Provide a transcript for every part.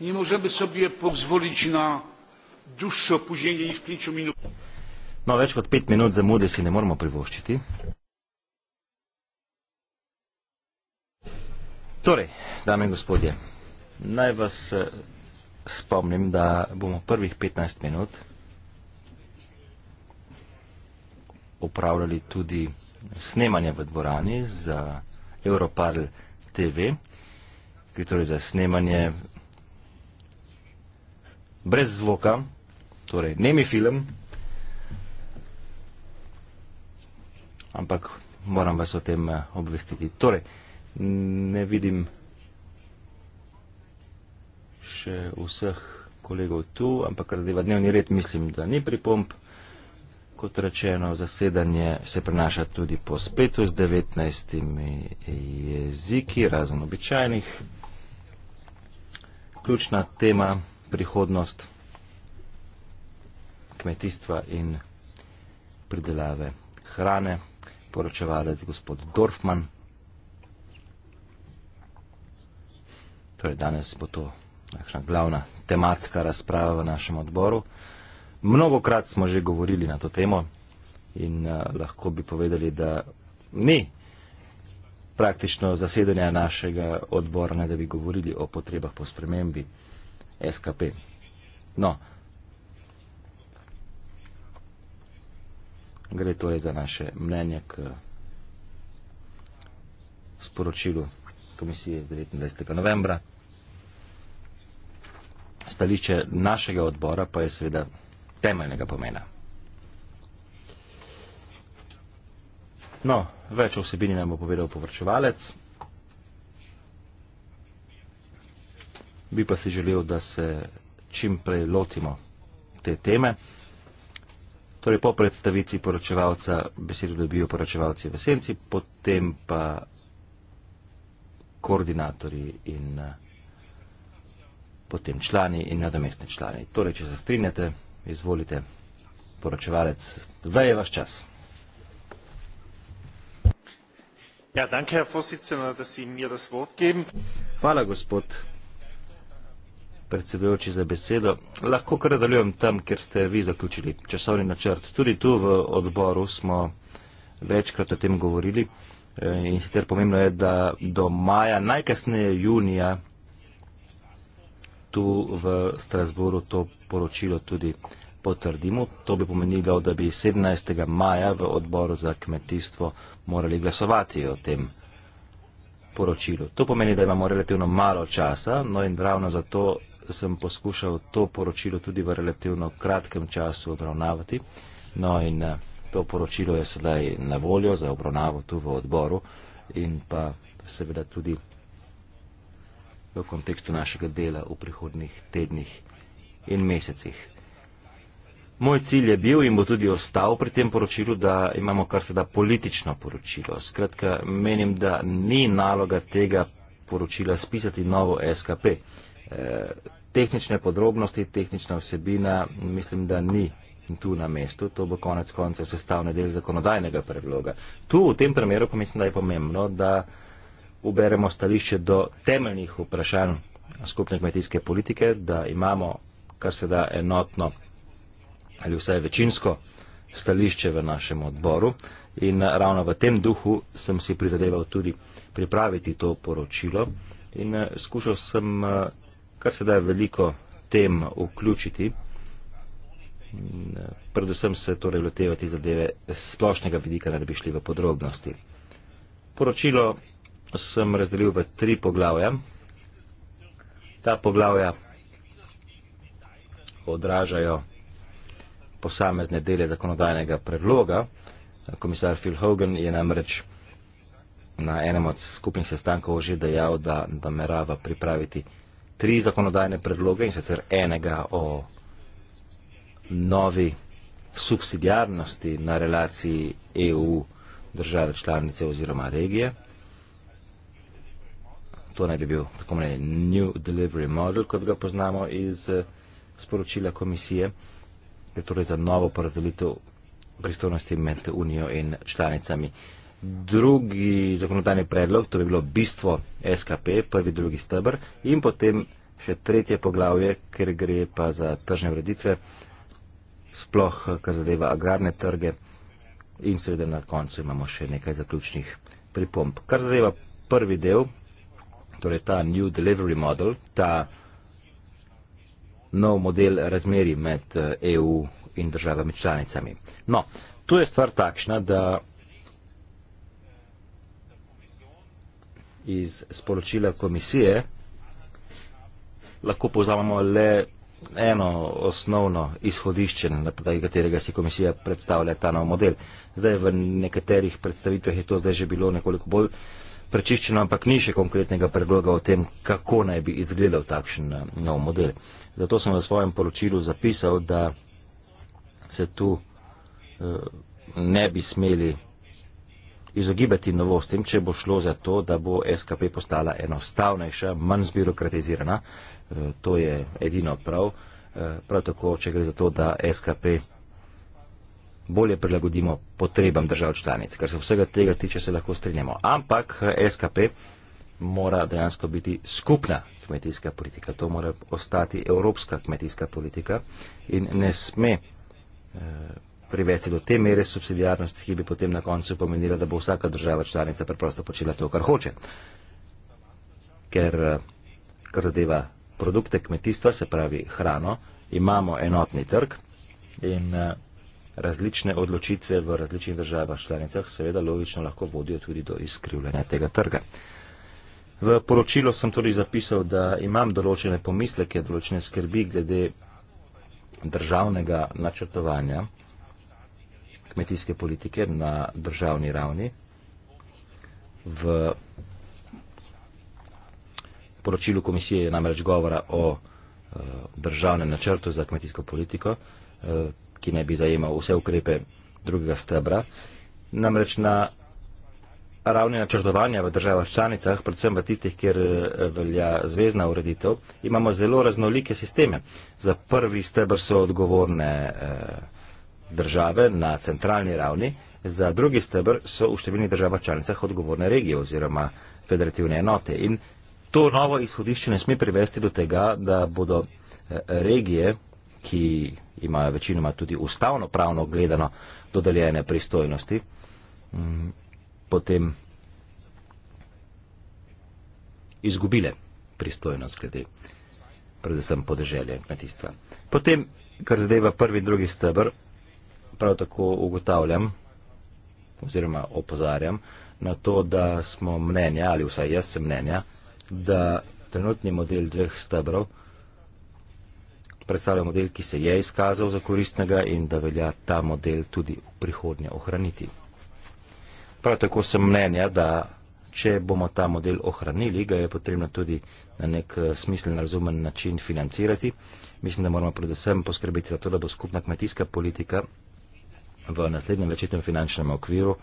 nie możemy sobie pozwolić na dłuższe opóźnienie niż pięciu minut. No, več kot pet minut zamude si ne moramo privoščiti. Torej, dame in gospodje, naj vas eh, spomnim, da bomo prvih 15 minut upravljali tudi snemanje v dvorani za Europarl TV, ki torej za snemanje brez zvoka, torej nemi film, ampak moram vas o tem eh, obvestiti. Torej, ne vidim še vseh kolegov tu, ampak radiva dnevni red mislim, da ni pripomp. Kot rečeno, zasedanje se prenaša tudi po spletu z 19 jeziki, razen običajnih. Ključna tema prihodnost kmetijstva in pridelave hrane, poročevalec gospod Dorfman. Torej, danes bo to nekakšna glavna tematska razprava v našem odboru. Mnogokrat smo že govorili na to temo in uh, lahko bi povedali, da ni praktično zasedanja našega odbora, ne da bi govorili o potrebah po spremembi uh, SKP. No, gre torej za naše mnenje k sporočilu komisije z 29. novembra. Stališče našega odbora pa je seveda temeljnega pomena. No, več o vsebini nam bo povedal povrčevalec. bi pa si želel, da se čim prej lotimo te teme. Torej, po predstavitvi poročevalca besedo dobijo poročevalci v senci, potem pa koordinatori in potem člani in nadomestni člani. Torej, če se strinjate, izvolite poročevalec. Zdaj je vaš čas. Ja, danke, Hvala, gospod predsedujoči za besedo. Lahko kar nadaljujem tam, kjer ste vi zaključili časovni načrt. Tudi tu v odboru smo večkrat o tem govorili eh, in sicer pomembno je, da do maja, najkasneje junija, tu v Strasburu to poročilo tudi potrdimo. To bi pomenilo, da bi 17. maja v odboru za kmetijstvo morali glasovati o tem. Poročilu. To pomeni, da imamo relativno malo časa, no in ravno zato sem poskušal to poročilo tudi v relativno kratkem času obravnavati. No in eh, to poročilo je sedaj na voljo za obravnavo tu v odboru in pa seveda tudi v kontekstu našega dela v prihodnih tednih in mesecih. Moj cilj je bil in bo tudi ostal pri tem poročilu, da imamo kar se da politično poročilo. Skratka, menim, da ni naloga tega poročila spisati novo SKP. Eh, tehnične podrobnosti, tehnična vsebina, mislim, da ni tu na mestu. To bo konec koncev sestavni del zakonodajnega predloga. Tu v tem primeru pa mislim, da je pomembno, da uberemo stališče do temeljnih vprašanj skupne kmetijske politike, da imamo kar se da enotno ali vsaj večinsko stališče v našem odboru. In ravno v tem duhu sem si prizadeval tudi pripraviti to poročilo in eh, skušal sem eh, kar se da veliko tem vključiti, predvsem se torej lotevati zadeve splošnega vidika, da bi šli v podrobnosti. Poročilo sem razdelil v tri poglavja. Ta poglavja odražajo posamezne dele zakonodajnega predloga. Komisar Phil Hogan je namreč na enem od skupnih sestankov že dejal, da namerava pripraviti tri zakonodajne predloge in sicer enega o novi subsidijarnosti na relaciji EU države članice oziroma regije. To naj bi bil tako mene New Delivery Model, kot ga poznamo iz eh, sporočila komisije, je torej za novo porazdelitev pristojnosti med Unijo in članicami drugi zakonodajni predlog, to bi bilo bistvo SKP, prvi, drugi stebr in potem še tretje poglavje, ker gre pa za tržne vreditve, sploh kar zadeva agrarne trge in seveda na koncu imamo še nekaj zaključnih pripomb. Kar zadeva prvi del, torej ta New Delivery Model, ta nov model razmeri med EU eh, e in državami članicami. No, tu je stvar takšna, da iz sporočila komisije, lahko povzamemo le eno osnovno izhodišče, na podlagi katerega si komisija predstavlja ta nov model. Zdaj v nekaterih predstavitvah je to zdaj že bilo nekoliko bolj prečiščeno, ampak ni še konkretnega predloga o tem, kako naj bi izgledal takšen eh, nov model. Zato sem v svojem poročilu zapisal, da se tu eh, ne bi smeli izogibati novostim, če bo šlo za to, da bo SKP postala enostavnejša, manj zbirokratizirana. E, to je edino prav. E, prav tako, če gre za to, da SKP bolje prilagodimo potrebam držav članic, kar se vsega tega tiče, se lahko strinjamo. Ampak SKP mora dejansko biti skupna kmetijska politika. To mora ostati evropska kmetijska politika in ne sme e, privesti do te mere subsidijarnosti, ki bi potem na koncu pomenila, da bo vsaka država članica preprosto počela to, kar hoče. Ker, eh, kar zadeva produkte kmetijstva, se pravi hrano, imamo enotni trg in eh, različne odločitve v različnih državah članicah seveda logično lahko vodijo tudi do izkrivljanja tega trga. V poročilo sem tudi zapisal, da imam določene pomisleke, določene skrbi glede državnega načrtovanja kmetijske politike na državni ravni. V poročilu komisije je namreč govora o eh, državnem načrtu za kmetijsko politiko, eh, ki naj bi zajemal vse ukrepe drugega stebra. Namreč na ravni načrtovanja v državah članicah, predvsem v tistih, kjer eh, velja zvezdna ureditev, imamo zelo raznolike sisteme. Za prvi stebr so odgovorne eh, države na centralni ravni, za drugi stebr so v številnih državah članicah odgovorne regije oziroma federativne enote. In to novo izhodišče ne sme privesti do tega, da bodo eh, regije, ki imajo večinoma tudi ustavno pravno gledano dodeljene pristojnosti, mm, potem izgubile pristojnost glede predvsem podeželje kmetijstva. Potem, kar zadeva prvi in drugi stebr, prav tako ugotavljam oziroma opozarjam na to, da smo mnenja, ali vsaj jaz sem mnenja, da trenutni model dveh stebrov predstavlja model, ki se je izkazal za koristnega in da velja ta model tudi v prihodnje ohraniti. Prav tako sem mnenja, da če bomo ta model ohranili, ga je potrebno tudi na nek eh, smislen, razumen način financirati. Mislim, da moramo predvsem poskrbeti za to, da bo skupna kmetijska politika v naslednjem večetnem finančnem okviru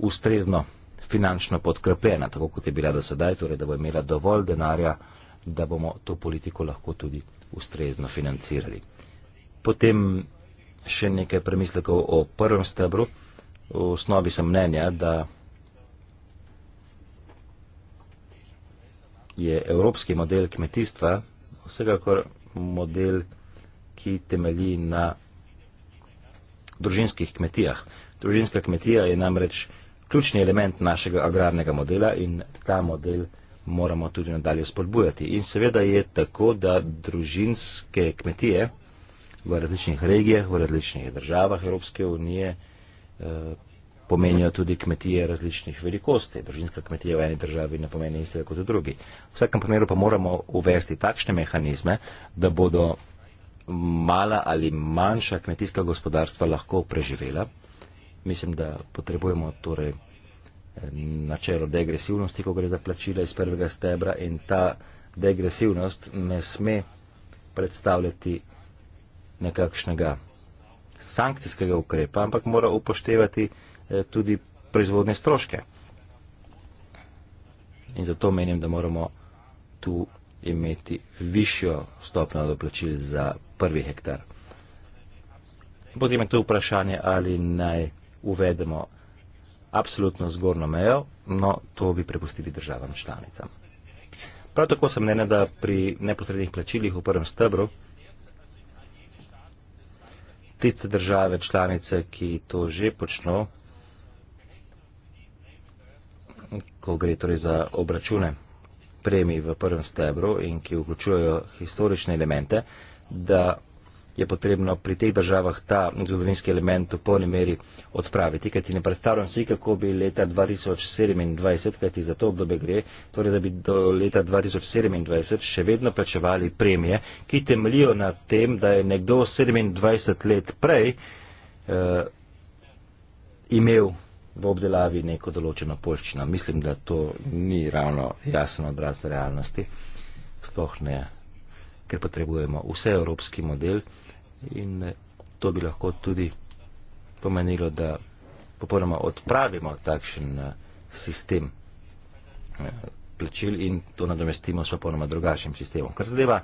ustrezno finančno podkrepljena, tako kot je bila do sedaj, torej da bo imela dovolj denarja, da bomo to politiko lahko tudi ustrezno financirali. Potem še nekaj premislekov o prvem stebru. V osnovi sem mnenja, da je evropski model kmetijstva vsekakor model, ki temelji na družinskih kmetijah. Družinska kmetija je namreč ključni element našega agrarnega modela in ta model moramo tudi nadalje spodbujati. In seveda je tako, da družinske kmetije v različnih regijah, v različnih državah Evropske unije eh, pomenijo tudi kmetije različnih velikosti. Družinska kmetija v eni državi ne pomeni isto kot v drugi. V vsakem primeru pa moramo uvesti takšne mehanizme, da bodo mala ali manjša kmetijska gospodarstva lahko preživela. Mislim, da potrebujemo torej eh, načelo degresivnosti, ko gre za plačila iz prvega stebra in ta degresivnost ne sme predstavljati nekakšnega sankcijskega ukrepa, ampak mora upoštevati eh, tudi proizvodne stroške. In zato menim, da moramo tu imeti višjo stopnjo doplačil za prvi hektar. Potem je tu vprašanje, ali naj uvedemo absolutno zgornjo mejo, no to bi prepustili državam članicam. Prav tako sem mnenja, da pri neposrednih plačilih v prvem stebru tiste države članice, ki to že počno, ko gre torej za obračune premij v prvem stebru in ki vključujejo historične elemente, da je potrebno pri teh državah ta zgodovinski element v polni meri odpraviti, kajti ne predstavljam si, kako bi leta 2027, kajti za to obdobje gre, torej da bi do leta 2027 še vedno plačevali premije, ki temlijo na tem, da je nekdo 27 let prej eh, imel v obdelavi neko določeno polščino. Mislim, da to ni ravno jasno odraz realnosti, sploh ne, ker potrebujemo vse evropski model in eh, to bi lahko tudi pomenilo, da popolnoma odpravimo takšen eh, sistem eh, plačil in to nadomestimo s popolnoma drugačnim sistemom. Kar zadeva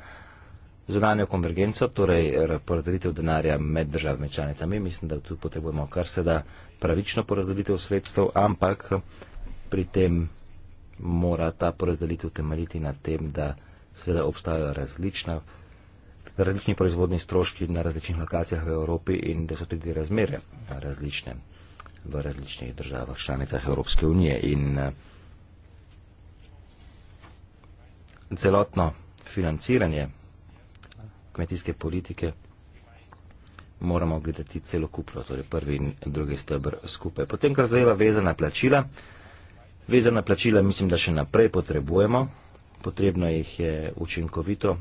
zunanjo konvergenco, torej eh, porazdelitev denarja med državami članicami. Mislim, da tu potrebujemo kar se da pravično porazdelitev sredstev, ampak eh, pri tem mora ta porazdelitev temeljiti na tem, da seveda obstajajo različna, različni proizvodni stroški na različnih lokacijah v Evropi in da so tudi razmere različne v različnih državah članicah Evropske unije. In eh, celotno financiranje kmetijske politike, moramo gledati celokupno, torej prvi in drugi stebr skupaj. Potem, kar zadeva vezana plačila, vezana plačila mislim, da še naprej potrebujemo, potrebno jih je učinkovito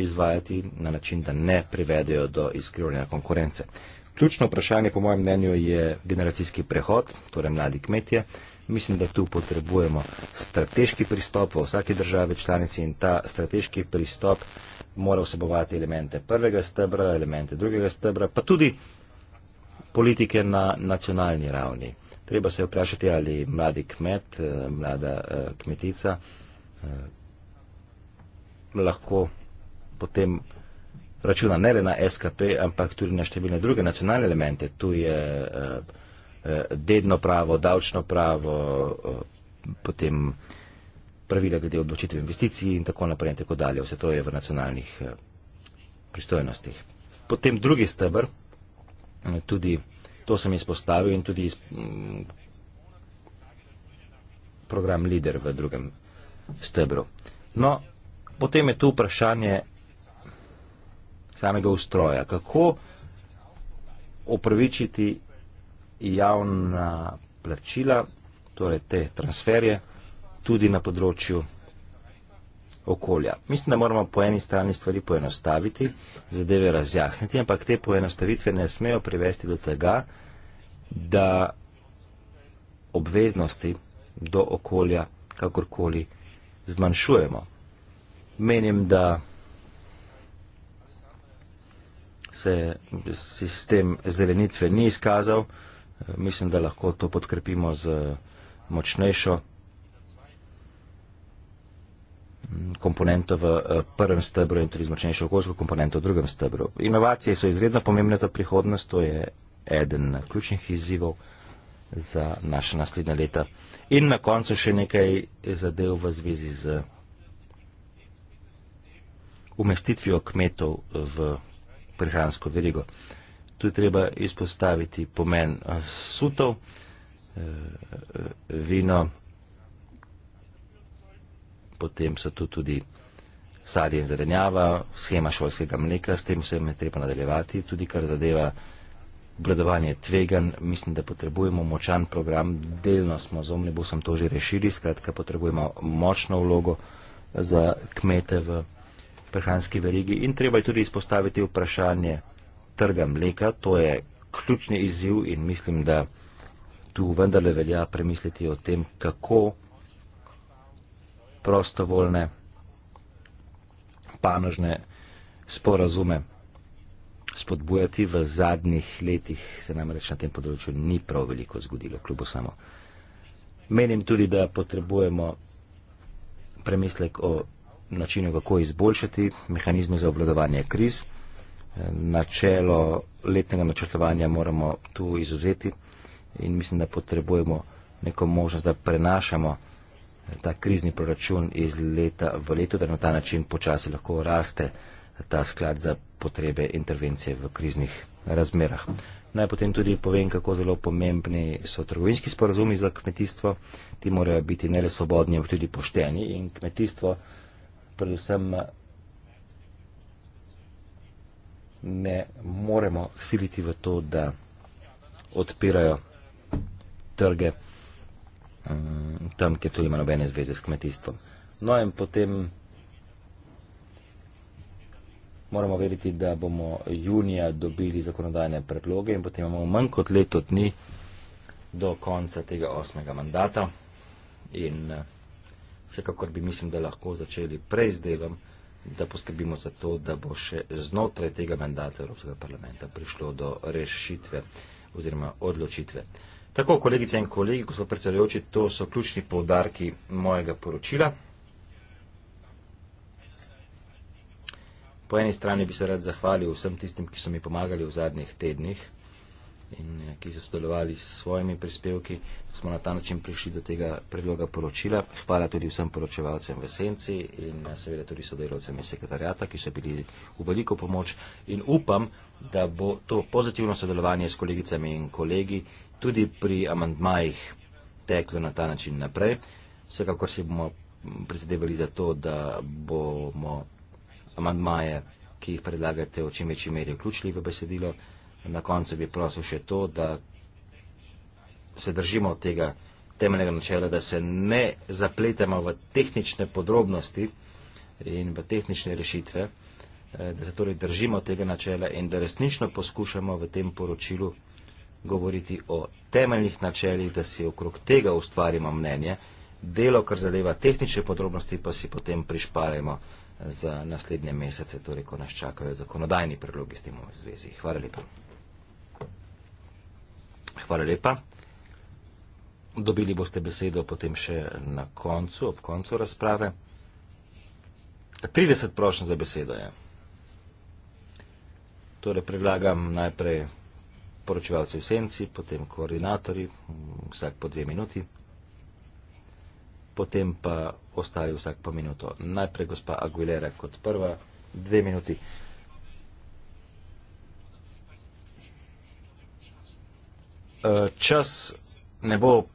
izvajati na način, da ne privedejo do izkrivljanja konkurence. Ključno vprašanje, po mojem mnenju, je generacijski prehod, torej mladi kmetje. Mislim, da tu potrebujemo strateški pristop v vsaki državi članici in ta strateški pristop mora vsebovati elemente prvega stebra, elemente drugega stebra, pa tudi politike na nacionalni ravni. Treba se vprašati, ali mladi kmet, eh, mlada eh, kmetica eh, lahko potem računa ne le na SKP, ampak tudi na številne druge nacionalne elemente. Tu je dedno pravo, davčno pravo, potem pravila glede odločitve investicij in tako naprej in tako dalje. Vse to je v nacionalnih eh, pristojnostih. Potem drugi stebr, eh, tudi to sem izpostavil in tudi mm, program Lider v drugem stebru. No, potem je tu vprašanje samega ustroja. Kako opravičiti javna plačila, torej te transferje, tudi na področju okolja. Mislim, da moramo po eni strani stvari poenostaviti, zadeve razjasniti, ampak te poenostavitve ne smejo privesti do tega, da obveznosti do okolja kakorkoli zmanjšujemo. Menim, da se sistem zelenitve ni izkazal. Mislim, da lahko to podkrepimo z močnejšo komponento v eh, prvem stebru in tudi močnejšo okoljsko komponento v drugem stebru. Inovacije so izredno pomembne za prihodnost, to je eden ključnih izzivov za naše naslednje leta. In na koncu še nekaj zadev v zvezi z umestitvijo kmetov v prihransko verigo. Tu je treba izpostaviti pomen eh, sutov, eh, vino, potem so tu tudi sadje in zelenjava, schema šolskega mleka, s tem vsem je treba nadaljevati, tudi kar zadeva obladovanje tvegan, mislim, da potrebujemo močan program, delno smo z omnibusom to že rešili, skratka potrebujemo močno vlogo za kmete v prehranski verigi in treba je tudi izpostaviti vprašanje trga mleka, to je ključni izziv in mislim, da tu vendarle velja premisliti o tem, kako prostovoljne panožne sporazume spodbujati. V zadnjih letih se namreč na tem področju ni prav veliko zgodilo, kljub samo. Menim tudi, da potrebujemo premislek o načinu, kako izboljšati mehanizme za obvladovanje kriz. Načelo letnega načrtovanja moramo tu izuzeti in mislim, da potrebujemo neko možnost, da prenašamo ta krizni proračun iz leta v leto, da na ta način počasi lahko raste ta sklad za potrebe intervencije v kriznih razmerah. Naj potem tudi povem, kako zelo pomembni so trgovinski sporazumi za kmetijstvo. Ti morajo biti ne le svobodni, ampak tudi pošteni in kmetijstvo predvsem ne moremo siliti v to, da odpirajo trge. Mm, tam, kjer to ima nobene zveze s kmetijstvom. No in potem moramo veriti, da bomo junija dobili zakonodajne predloge in potem imamo manj kot leto dni do konca tega osmega mandata in eh, vsekakor bi mislim, da lahko začeli prej z delom, da poskrbimo za to, da bo še znotraj tega mandata Evropskega parlamenta prišlo do rešitve oziroma odločitve. Tako, kolegice in kolegi, gospod predsedujoči, to so ključni povdarki mojega poročila. Po eni strani bi se rad zahvalil vsem tistim, ki so mi pomagali v zadnjih tednih in eh, ki so sodelovali s svojimi prispevki, smo na ta način prišli do tega predloga poročila. Hvala tudi vsem poročevalcem v Senci in eh, seveda tudi sodelovcem iz sekretarjata, ki so bili v veliko pomoč in upam, da bo to pozitivno sodelovanje s kolegicami in kolegi tudi pri amantmajih teklo na ta način naprej. Vsekakor se bomo prizadevali za to, da bomo amantmaje, ki jih predlagate, v čim večji meri vključili v besedilo. Na koncu bi prosil še to, da se držimo tega temeljnega načela, da se ne zapletemo v tehnične podrobnosti in v tehnične rešitve, eh, da se torej držimo tega načela in da resnično poskušamo v tem poročilu govoriti o temeljnih načeljih, da si okrog tega ustvarimo mnenje, delo, kar zadeva tehnične podrobnosti, pa si potem prišparjamo za naslednje mesece, torej ko nas čakajo zakonodajni predlogi s tem v zvezi. Hvala lepa. Hvala lepa. Dobili boste besedo potem še na koncu, ob koncu razprave. 30 prošen za besedo je. Torej predlagam najprej poročevalci v senci, potem koordinatori, vsak po dve minuti, potem pa ostali vsak po minuto. Najprej gospa Aguilera kot prva, dve minuti. E, čas ne bo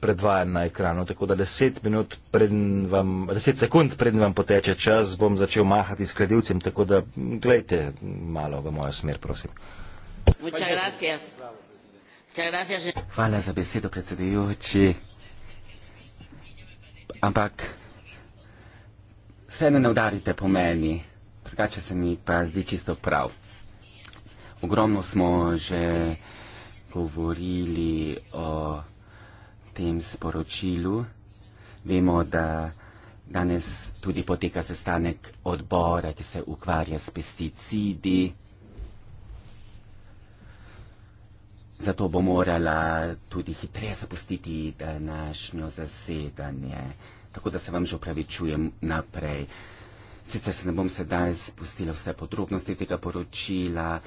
predvajan na ekranu, tako da 10 minut pred vam, 10 sekund pred vam poteče čas, bom začel mahati s kladivcem, tako da gledajte malo v mojo smer, prosim. Hvala za besedo, predsedujoči. Ampak se ne udarite po meni, drugače se mi pa zdi čisto prav. Ogromno smo že govorili o tem sporočilu. Vemo, da danes tudi poteka sestanek odbora, ki se ukvarja s pesticidi. Zato bo morala tudi hitreje zapustiti današnjo zasedanje. Tako da se vam že upravičujem naprej. Sicer se ne bom sedaj spustila vse podrobnosti tega poročila,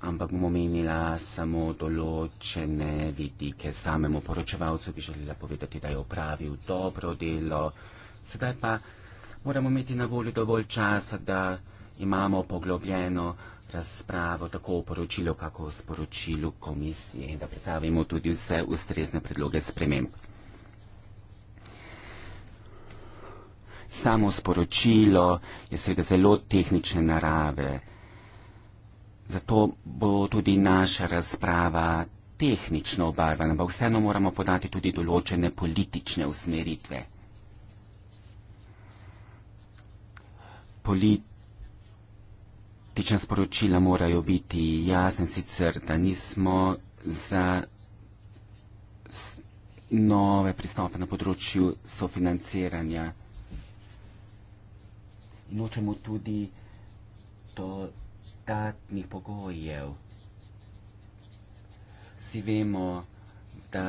ampak bom omenila samo določene vidike. Samemu poročevalcu bi želela povedati, da je opravil dobro delo. Sedaj pa moramo imeti na voljo dovolj časa, da imamo poglobljeno razpravo tako o poročilu, kako o sporočilu komisije in da predstavimo tudi vse ustrezne predloge sprememb. Samo sporočilo je seveda zelo tehnične narave, zato bo tudi naša razprava tehnično obarvana, pa vseeno moramo podati tudi določene politične usmeritve. Polit Tična sporočila morajo biti jasne, sicer da nismo za nove pristope na področju sofinanciranja. Nočemo tudi dodatnih pogojev. Vsi vemo, da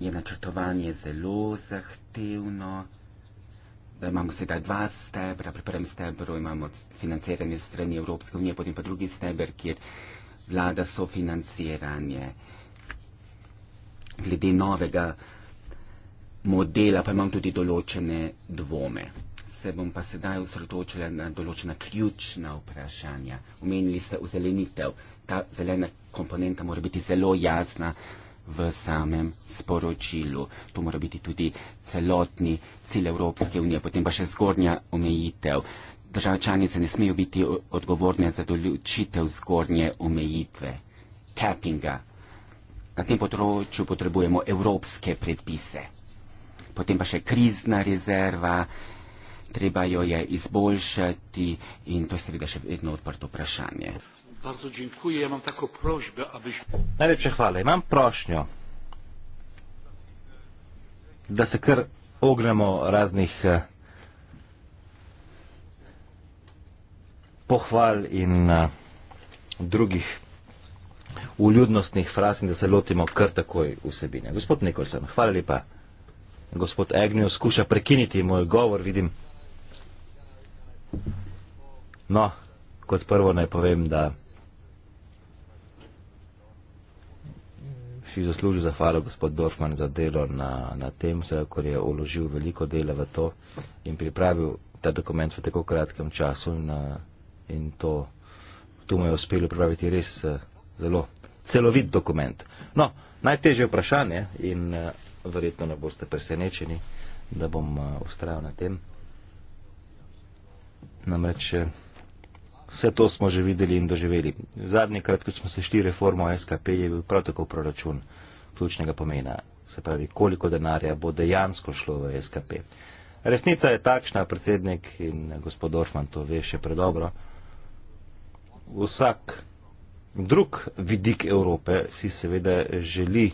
je načrtovanje zelo zahtevno da imamo sedaj dva stebra. Pri prvem stebru imamo financiranje strani Evropske unije, potem pa drugi steber, kjer vlada sofinanciranje. Glede novega modela pa imam tudi določene dvome. Se bom pa sedaj osredotočila na določena ključna vprašanja. Omenili ste ozelenitev. Ta zelena komponenta mora biti zelo jasna v samem sporočilu. To mora biti tudi celotni cilj Evropske unije. Potem pa še zgornja omejitev. Država članice ne smejo biti odgovorne za določitev zgornje omejitve, cappinga. Na tem področju potrebujemo evropske predpise. Potem pa še krizna rezerva, treba jo je izboljšati in to je seveda še vedno odprto vprašanje. Bardzo dziękuję. Ja mam taką prośbę, abyś... Najlepsze chwale. Mam prośnię. Da se kar ognemo raznih e, pohval in e, drugih uljudnostnih fraz in da se lotimo kar takoj vsebine. Gospod Nikolsen, hvala lepa. Gospod Agnew skuša prekiniti moj govor, vidim. No, kot prvo naj povem, da si zaslužil zahvalo gospod Dorfman za delo na, na tem, ker je uložil veliko dela v to in pripravil ta dokument v tako kratkem času in, in to, tu mu je uspelo pripraviti res eh, zelo celovit dokument. No, najtežje vprašanje in eh, verjetno ne boste presenečeni, da bom ustrajal eh, na tem. Namreč vse to smo že videli in doživeli. Zadnji krat, ko smo se šli reformo SKP, je bil prav tako proračun ključnega pomena. Se pravi, koliko denarja bo dejansko šlo v SKP. Resnica je takšna, predsednik in gospod Orfman to ve še predobro. Vsak drug vidik Evrope si seveda želi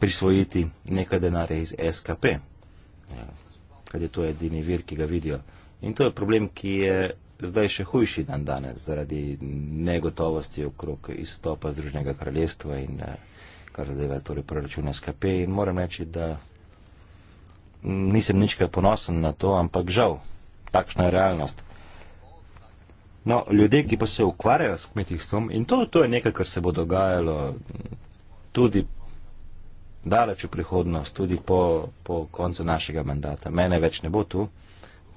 prisvojiti nekaj denarja iz SKP, ja, kaj je to edini vir, ki ga vidijo. In to je problem, ki je zdaj še hujši dan danes zaradi negotovosti okrog izstopa Združenega kraljestva in eh, kar zadeva torej proračun SKP. In moram reči, da nisem nič kaj ponosen na to, ampak žal, takšna je realnost. No, ljudje, ki pa se ukvarjajo s kmetijstvom in to, to je nekaj, kar se bo dogajalo tudi daleč v prihodnost, tudi po, po koncu našega mandata. Mene več ne bo tu.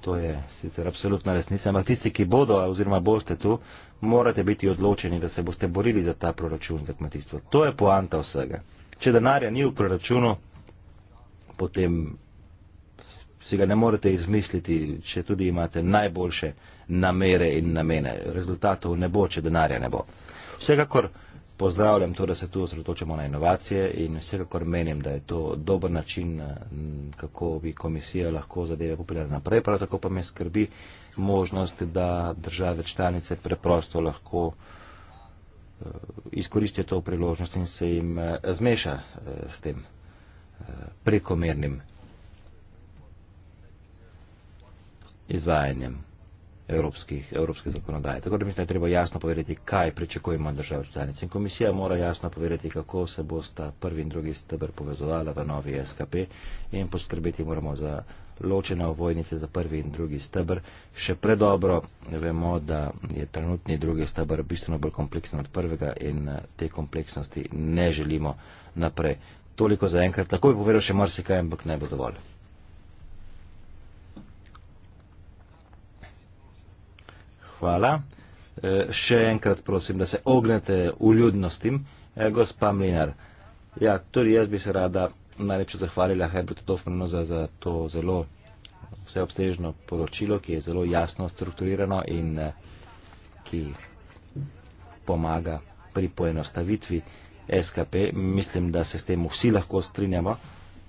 To je sicer apsolutna resnica, ampak tisti, ki bodo oziroma boste tu, morate biti odločeni, da se boste borili za ta proračun za kmetijstvo. To je poanta vsega. Če denarja ni v proračunu, potem si ga ne morete izmisliti, če tudi imate najboljše namere in namene. Rezultatov ne bo, če denarja ne bo. Vsekakor pozdravljam to, da se tu osredotočamo na inovacije in vsekakor menim, da je to dober način, eh, kako bi komisija lahko zadeve popeljala naprej. Prav tako pa me skrbi možnost, da države članice preprosto lahko eh, izkoristijo to priložnost in se jim eh, zmeša s tem prekomernim izvajanjem evropskih, evropske zakonodaje. Tako da mislim, da je treba jasno povedati, kaj pričakujemo od države članice. In komisija mora jasno povedati, kako se bosta prvi in drugi stebr povezovala v novi SKP in poskrbeti moramo za ločene ovojnice za prvi in drugi stebr. Še predobro vemo, da je trenutni drugi stebr bistveno bolj kompleksen od prvega in eh, te kompleksnosti ne želimo naprej. Toliko za enkrat. Tako bi povedal še marsikaj, ampak ne bo dovolj. hvala. E, še enkrat prosim, da se ognete uljudnostim. E, gospa Mlinar, ja, tudi jaz bi se rada najlepše zahvalila Herbertu Dofmanu za, za to zelo vseobsežno poročilo, ki je zelo jasno strukturirano in e, ki pomaga pri poenostavitvi SKP. Mislim, da se s tem vsi lahko strinjamo.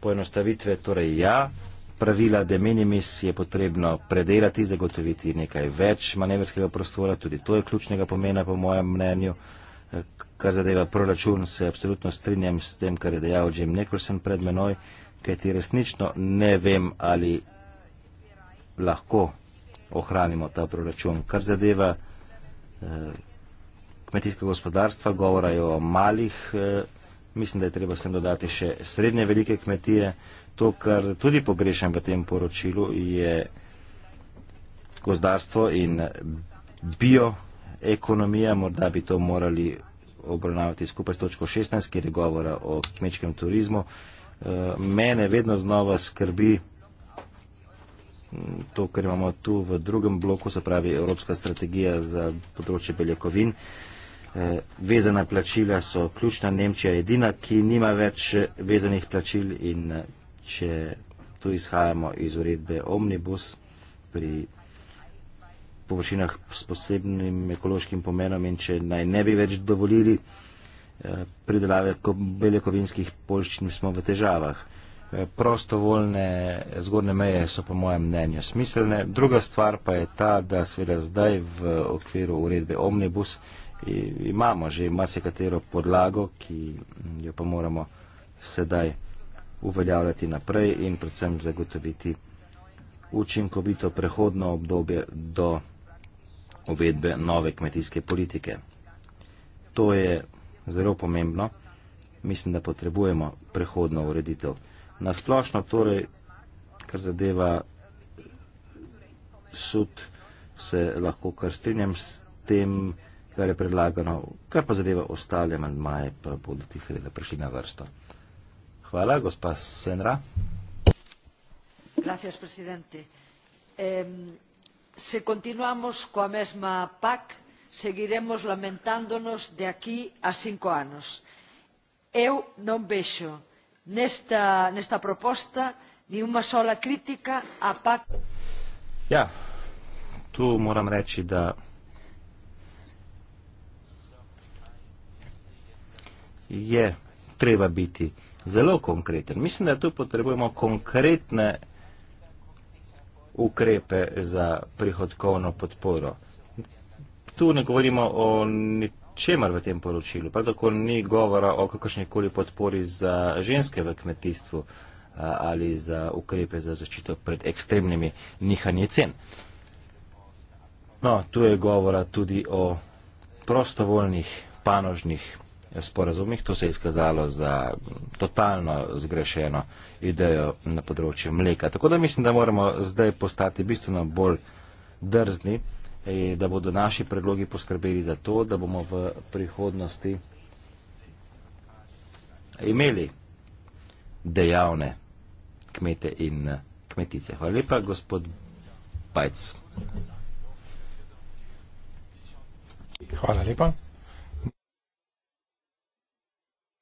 Poenostavitve torej ja, pravila de minimis je potrebno predelati, zagotoviti nekaj več manevrskega prostora, tudi to je ključnega pomena po mojem mnenju. Eh, kar zadeva proračun, se absolutno strinjam s tem, kar je dejal Jim Nicholson pred menoj, kajti resnično ne vem, ali lahko ohranimo ta proračun. Kar zadeva eh, kmetijske gospodarstva, govorajo o malih, eh, mislim, da je treba sem dodati še srednje velike kmetije, To, kar tudi pogrešam v tem poročilu, je gozdarstvo in bioekonomija. Morda bi to morali obravnavati skupaj s točko 16, kjer je govora o kmečkem turizmu. Eh, mene vedno znova skrbi mm, to, kar imamo tu v drugem bloku, se pravi Evropska strategija za področje beljakovin. Eh, vezana plačila so ključna. Nemčija je edina, ki nima več vezanih plačil in eh, če tu izhajamo iz uredbe Omnibus pri površinah s posebnim ekološkim pomenom in če naj ne bi več dovolili eh, pridelave beljakovinskih polščin, smo v težavah. Eh, prostovoljne zgornje meje so po mojem mnenju smiselne. Druga stvar pa je ta, da seveda zdaj v okviru uredbe Omnibus imamo že marsikatero podlago, ki jo pa moramo sedaj uveljavljati naprej in predvsem zagotoviti učinkovito prehodno obdobje do uvedbe nove kmetijske politike. To je zelo pomembno. Mislim, da potrebujemo prehodno ureditev. Nasplošno torej, kar zadeva sud, se lahko kar strinjam s tem, kar je predlagano, kar pa zadeva ostale manj maje, pa bodo ti seveda prišli na vrsto. Hvala, gospa Senra. Gracias, presidente. Eh, se continuamos coa mesma PAC, seguiremos lamentándonos de aquí a cinco anos. Eu non vexo nesta, nesta proposta ni unha sola crítica a PAC. Ja, tu moram reći da je, treba biti zelo konkreten. Mislim, da tu potrebujemo konkretne ukrepe za prihodkovno podporo. Tu ne govorimo o ničemer v tem poročilu, prav tako ni govora o kakršnikoli podpori za ženske v kmetijstvu ali za ukrepe za zaščito pred ekstremnimi nihanji cen. No, tu je govora tudi o prostovoljnih panožnih sporazumih. To se je izkazalo za totalno zgrešeno idejo na področju mleka. Tako da mislim, da moramo zdaj postati bistveno bolj drzni, eh, da bodo naši predlogi poskrbeli za to, da bomo v prihodnosti imeli dejavne kmete in eh, kmetice. Hvala lepa, gospod Pajc. Hvala lepa.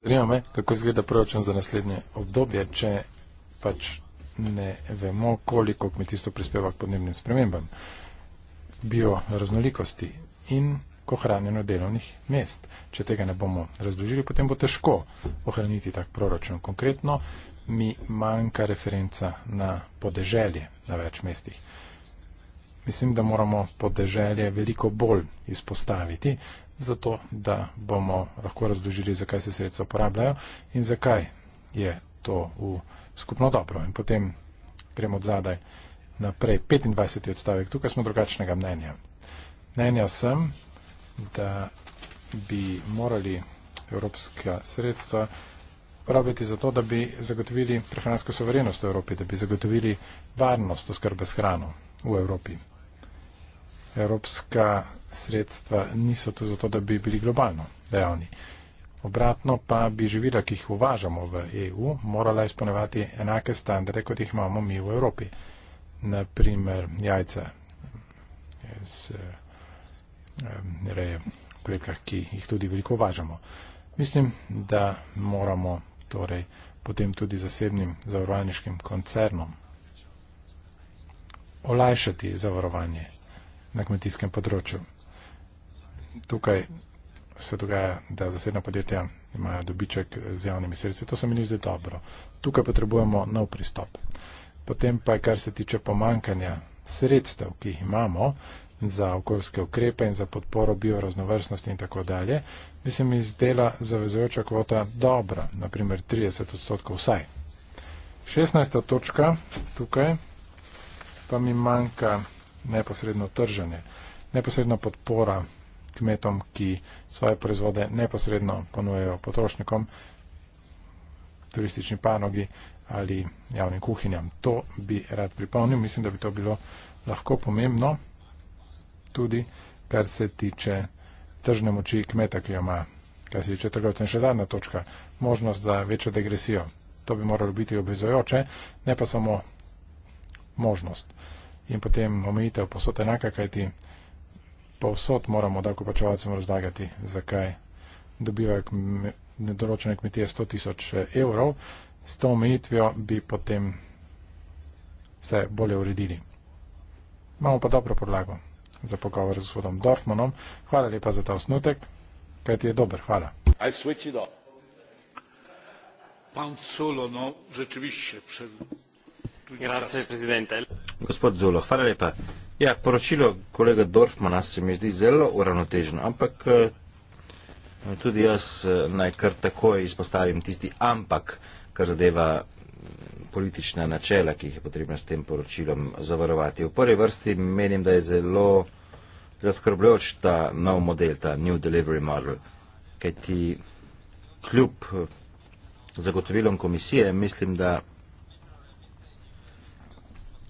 Zanima me, kako izgleda proračun za naslednje obdobje, če pač ne vemo, koliko kmetijstvo prispeva k podnebnim spremembam, bioraznolikosti in kohranjeno delovnih mest. Če tega ne bomo razložili, potem bo težko ohraniti tak proračun. Konkretno mi manjka referenca na podeželje na več mestih. Mislim, da moramo podeželje veliko bolj izpostaviti, zato da bomo lahko razložili, zakaj se sredstva uporabljajo in zakaj je to v skupno dobro. In potem gremo od zadaj naprej. 25. odstavek. Tukaj smo drugačnega mnenja. Mnenja sem, da bi morali evropska sredstva uporabljati za to, da bi zagotovili prehransko soverenost v Evropi, da bi zagotovili varnost oskrbe s hrano v Evropi evropska sredstva niso tu zato, da bi bili globalno dejavni. Obratno pa bi živila, ki jih uvažamo v EU, morala izpolnevati enake standarde, kot jih imamo mi v Evropi. Naprimer jajca z reje kletkah, ki jih tudi veliko uvažamo. Mislim, da moramo torej potem tudi zasebnim zavarovalniškim koncernom olajšati zavarovanje na kmetijskem področju. Tukaj se dogaja, da zasedna podjetja imajo dobiček z javnimi sredstvi. To se mi ni zdi dobro. Tukaj potrebujemo nov pristop. Potem pa je, kar se tiče pomankanja sredstev, ki jih imamo za okoljske ukrepe in za podporo bioraznovrstnosti in tako dalje, bi se mi zdela zavezujoča kvota dobra, naprimer 30 odstotkov vsaj. 16. točka tukaj pa mi manjka neposredno trženje, neposredna podpora kmetom, ki svoje proizvode neposredno ponujejo potrošnikom, turistični panogi ali javnim kuhinjam. To bi rad pripomnil, mislim, da bi to bilo lahko pomembno tudi, kar se tiče tržne moči kmeta, ki jo ima, kar se tiče trgovca in še zadnja točka, možnost za večjo degresijo. To bi moralo biti obvezojoče, ne pa samo možnost in potem omejitev posod enaka, kajti povsod moramo davkoplačevalcem razlagati, zakaj dobivajo določene kmetije 100 tisoč eh, evrov, s to omejitvijo bi potem se bolje uredili. Imamo pa dobro podlago za pogovor z gospodom Dorfmanom. Hvala lepa za ta osnutek, kaj ti je dober. Hvala. Pan Solo, no, rzeczywiście przed... Grazie Presidente. Gospod Zulo, hvala lepa. Ja, poročilo kolega Dorfmana se mi zdi zelo uravnoteženo, ampak eh, tudi jaz eh, naj kar takoj izpostavim tisti ampak, kar zadeva mm, politična načela, ki jih je potrebno s tem poročilom zavarovati. V prvi vrsti menim, da je zelo zaskrbljoč ta nov model, ta New Delivery Model, kajti kljub eh, zagotovilom komisije mislim, da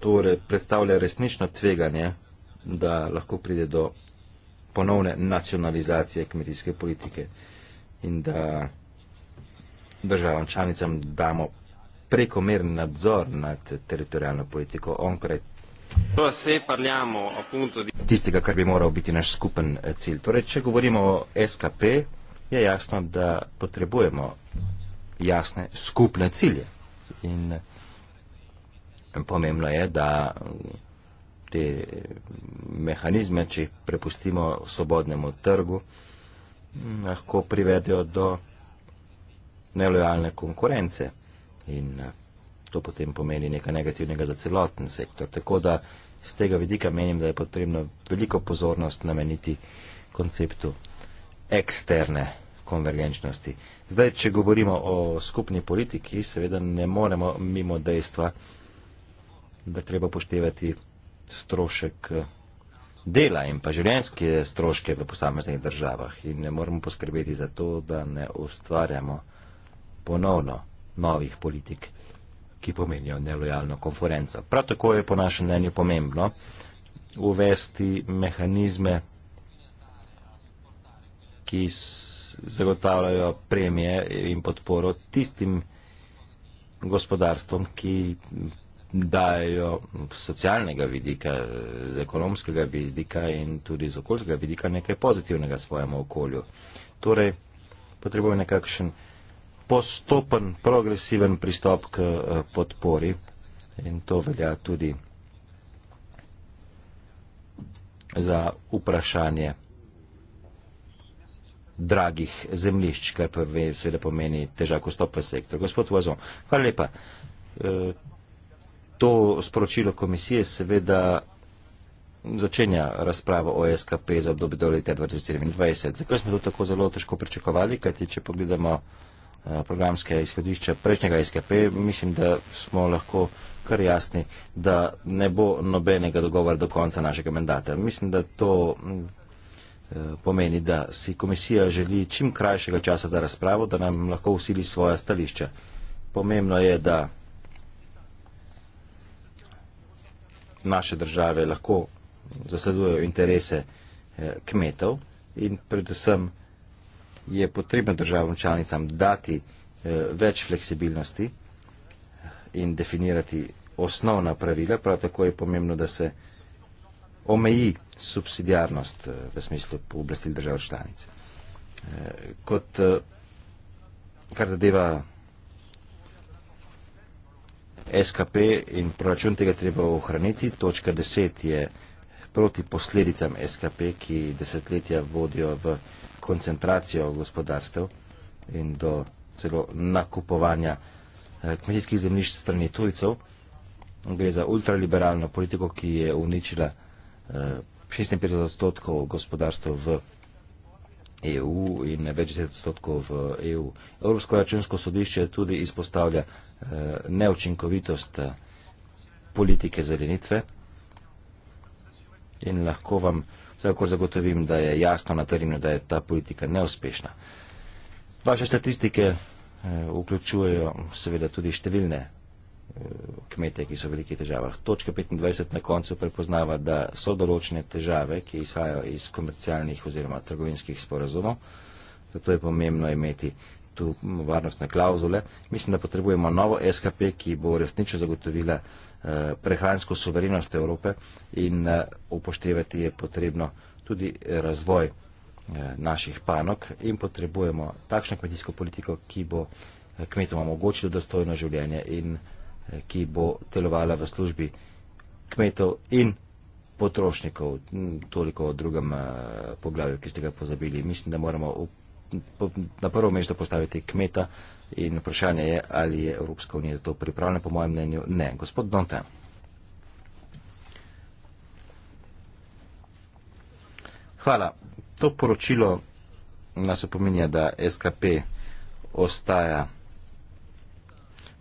torej predstavlja resnično tveganje, da lahko pride do ponovne nacionalizacije kmetijske politike in da državam članicam damo prekomerni nadzor nad teritorijalno politiko onkraj tistega, kar bi moral biti naš skupen eh, cilj. Torej, če govorimo o SKP, je jasno, da potrebujemo jasne skupne cilje. In pomembno je, da te mehanizme, če jih prepustimo svobodnemu trgu, lahko privedejo do nelojalne konkurence in eh, to potem pomeni nekaj negativnega za celoten sektor. Tako da z tega vidika menim, da je potrebno veliko pozornost nameniti konceptu eksterne konvergenčnosti. Zdaj, če govorimo o skupni politiki, seveda ne moremo mimo dejstva, da treba poštevati strošek eh, dela in pa življenjske stroške v posameznih državah in ne moramo poskrbeti za to, da ne ustvarjamo ponovno novih politik, ki pomenijo nelojalno konferenco. Prav tako je po našem mnenju pomembno uvesti mehanizme, ki zagotavljajo premije in podporo tistim gospodarstvom, ki dajo z socialnega vidika, z ekonomskega vidika in tudi z okoljskega vidika nekaj pozitivnega svojemu okolju. Torej, potrebujemo nekakšen postopen, progresiven pristop k eh, podpori in to velja tudi za vprašanje dragih zemljišč, kar pa seveda pomeni težak vstop v sektor. Gospod Vazon, hvala lepa. E, to sporočilo komisije seveda začenja razpravo o SKP za obdobje do leta 2024. Zakaj smo to tako zelo težko pričakovali, kajti če pogledamo eh, programske izhodišča prejšnjega SKP, mislim, da smo lahko kar jasni, da ne bo nobenega dogovora do konca našega mandata. Mislim, da to mm, eh, pomeni, da si komisija želi čim krajšega časa za razpravo, da nam lahko usili svoja stališča. Pomembno je, da naše države lahko zasledujejo interese eh, kmetov in predvsem je potrebno državam članicam dati eh, več fleksibilnosti eh, in definirati osnovna pravila, prav tako je pomembno, da se omeji subsidijarnost v smislu oblasti držav članic. Kot kar zadeva SKP in proračun tega treba ohraniti. Točka 10 je proti posledicam SKP, ki desetletja vodijo v koncentracijo gospodarstev in do celo nakupovanja eh, kmetijskih zemljišč strani tujcev. Gre za ultraliberalno politiko, ki je uničila 56 eh, odstotkov gospodarstva v EU in več deset odstotkov EU. Evropsko računsko sodišče tudi izpostavlja eh, neučinkovitost eh, politike zelenitve in lahko vam vsako zagotovim, da je jasno na terenu, da je ta politika neuspešna. Vaše statistike eh, vključujejo seveda tudi številne kmete, ki so v velikih težavah. Točka 25 na koncu prepoznava, da so določene težave, ki izhajajo iz komercialnih oziroma trgovinskih sporazumov, zato je pomembno imeti tu varnostne klauzule. Mislim, da potrebujemo novo SKP, ki bo resnično zagotovila eh, prehransko suverenost Evrope in eh, upoštevati je potrebno tudi razvoj eh, naših panok in potrebujemo takšno kmetijsko politiko, ki bo eh, kmetom omogočila dostojno življenje in Eh, ki bo telovala v službi kmetov in potrošnikov. Toliko o drugem eh, poglavju, ki ste ga pozabili. Mislim, da moramo na prvo mesto postaviti kmeta in vprašanje je, ali je Evropska unija za to pripravljena, po mojem mnenju ne. Gospod Donte. Hvala. To poročilo nas opominja, da SKP ostaja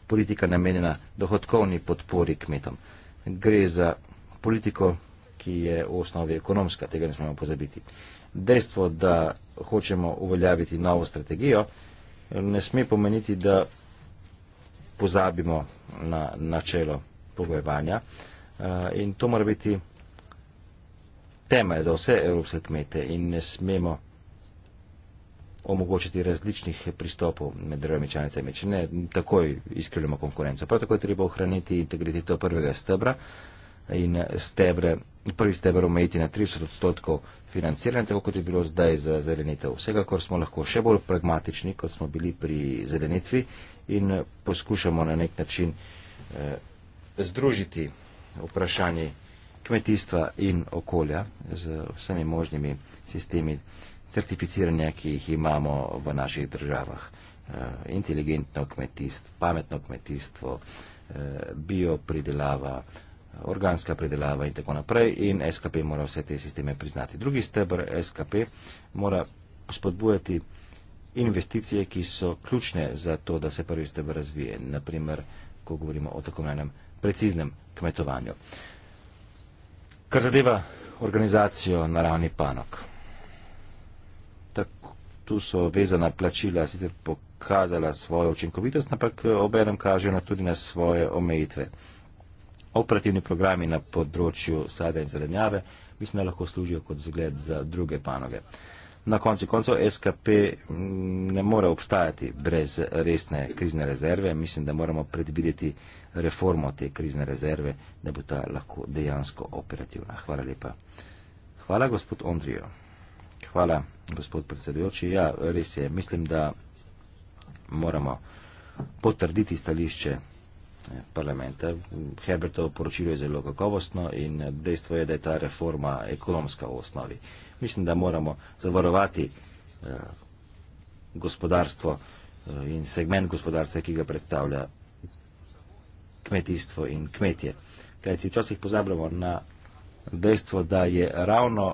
politika namenjena dohodkovni podpori kmetom. Gre za politiko, ki je v osnovi ekonomska, tega ne smemo pozabiti. Dejstvo, da hočemo uveljaviti novo strategijo, ne sme pomeniti, da pozabimo na načelo pogojevanja eh, in to mora biti tema za vse evropske kmete in ne smemo omogočiti različnih pristopov med državami članicami. Če ne, takoj izkrivljamo konkurenco. Prav tako je treba ohraniti integriteto prvega stebra in stebre, prvi steber omejiti na 30 odstotkov financiranja, tako kot je bilo zdaj za zelenitev. Vsekakor smo lahko še bolj pragmatični, kot smo bili pri zelenitvi in poskušamo na nek način eh, združiti vprašanje kmetijstva in okolja z vsemi možnimi sistemi. Eh, certificiranja, ki jih imamo v naših državah. Eh, inteligentno kmetijstvo, pametno kmetijstvo, eh, biopridelava, organska pridelava in tako naprej. In SKP mora vse te sisteme priznati. Drugi stebr SKP mora spodbujati investicije, ki so ključne za to, da se prvi stebr razvije. Naprimer, ko govorimo o tako menem preciznem kmetovanju. Kar zadeva organizacijo naravni panok tako, tu so vezana plačila sicer pokazala svojo učinkovitost, ampak eh, obenem kažejo tudi na svoje omejitve. Operativni programi na področju sada in zelenjave mislim, da lahko služijo kot zgled za druge panoge. Na koncu koncev SKP mm, ne more obstajati brez resne krizne rezerve. Mislim, da moramo predvideti reformo te krizne rezerve, da bo ta lahko dejansko operativna. Hvala lepa. Hvala, gospod Ondrijo. Hvala, gospod predsedujoči. Ja, res je. Mislim, da moramo potrditi stališče eh, parlamenta. Herbertovo poročilo je zelo kakovostno in eh, dejstvo je, da je ta reforma ekonomska v osnovi. Mislim, da moramo zavarovati eh, gospodarstvo in segment gospodarstva, ki ga predstavlja kmetijstvo in kmetje. Kajti včasih pozabljamo na dejstvo, da je ravno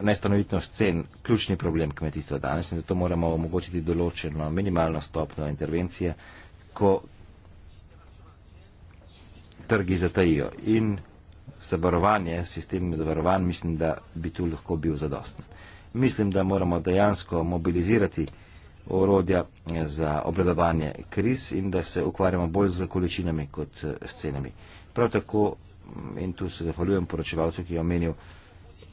nestanovitnost cen ključni problem kmetijstva danes in zato moramo omogočiti določeno minimalno stopno intervencije, ko trgi zatajijo in zavarovanje, sistem zavarovanj, mislim, da bi tu lahko bil zadosten. Mislim, da moramo dejansko mobilizirati orodja eh, za obredovanje kriz in da se ukvarjamo bolj z količinami kot eh, s cenami. Prav tako, mm, in tu se zahvaljujem poročevalcu, ki je omenil,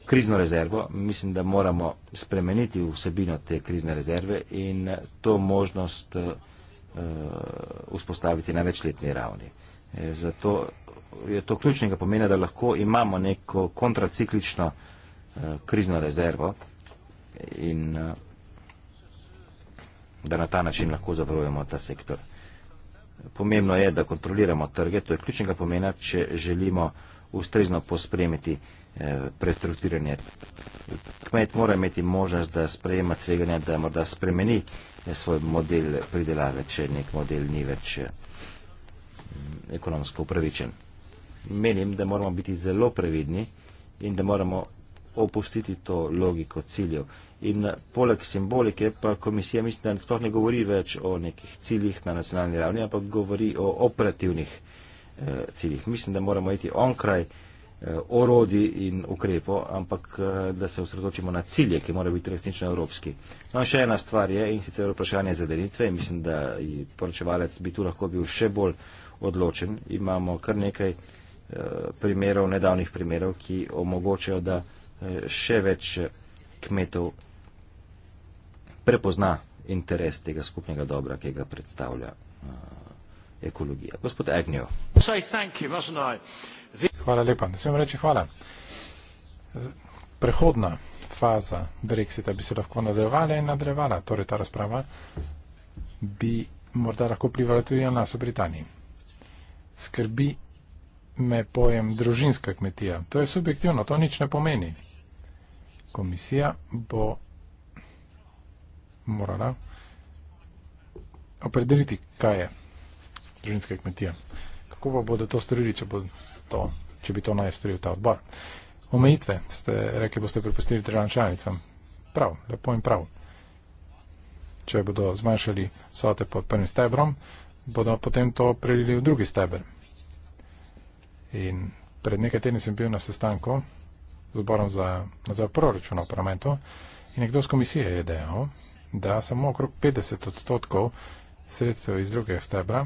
krizno rezervo, mislim, da moramo spremeniti vsebino te krizne rezerve in to možnost uh, vzpostaviti na večletni ravni. Eh, zato je to ključnega pomena, da lahko imamo neko kontraciklično uh, krizno rezervo in uh, da na ta način lahko zavarujemo ta sektor. Pomembno je, da kontroliramo trge, to je ključnega pomena, če želimo ustrezno pospremiti uh, Eh, prestrukturiranje. Kmet mora imeti možnost, da sprejema tveganja, da morda spremeni eh, svoj model pridelave, če nek model ni več eh, ekonomsko upravičen. Menim, da moramo biti zelo previdni in da moramo opustiti to logiko ciljev. In poleg simbolike pa komisija mislim, da sploh ne govori več o nekih ciljih na nacionalni ravni, ampak govori o operativnih eh, ciljih. Mislim, da moramo iti onkraj kraj Eh, orodij in ukrepov, ampak eh, da se osredotočimo na cilje, ki morajo biti resnično evropski. No in še ena stvar je in sicer vprašanje zadelitve. Mislim, da poročevalec bi tu lahko bil še bolj odločen. Imamo kar nekaj eh, primerov, nedavnih primerov, ki omogočajo, da še več kmetov prepozna interes tega skupnega dobra, ki ga predstavlja ekologija. Gospod Agnew. Hvala lepa, ne smem reči hvala. Prehodna faza Brexita bi se lahko nadaljevala in nadaljevala, torej ta razprava bi morda lahko plivala tudi na nas v Britaniji. Skrbi me pojem družinska kmetija. To je subjektivno, to nič ne pomeni. Komisija bo morala opredeliti, kaj je družinske kmetije. Kako pa bodo to storili, če, bo to, če bi to naj storil ta odbor? Omejitve ste rekli, boste prepustili državam članicam. Prav, lepo in prav. Če bodo zmanjšali sote pod prvim stebrom, bodo potem to prelili v drugi steber. In pred nekaj tedni sem bil na sestanku z oborom za nadzor proračuna v parlamentu in nekdo z komisije je dejal, da samo okrog 50 odstotkov sredstev iz drugega stebra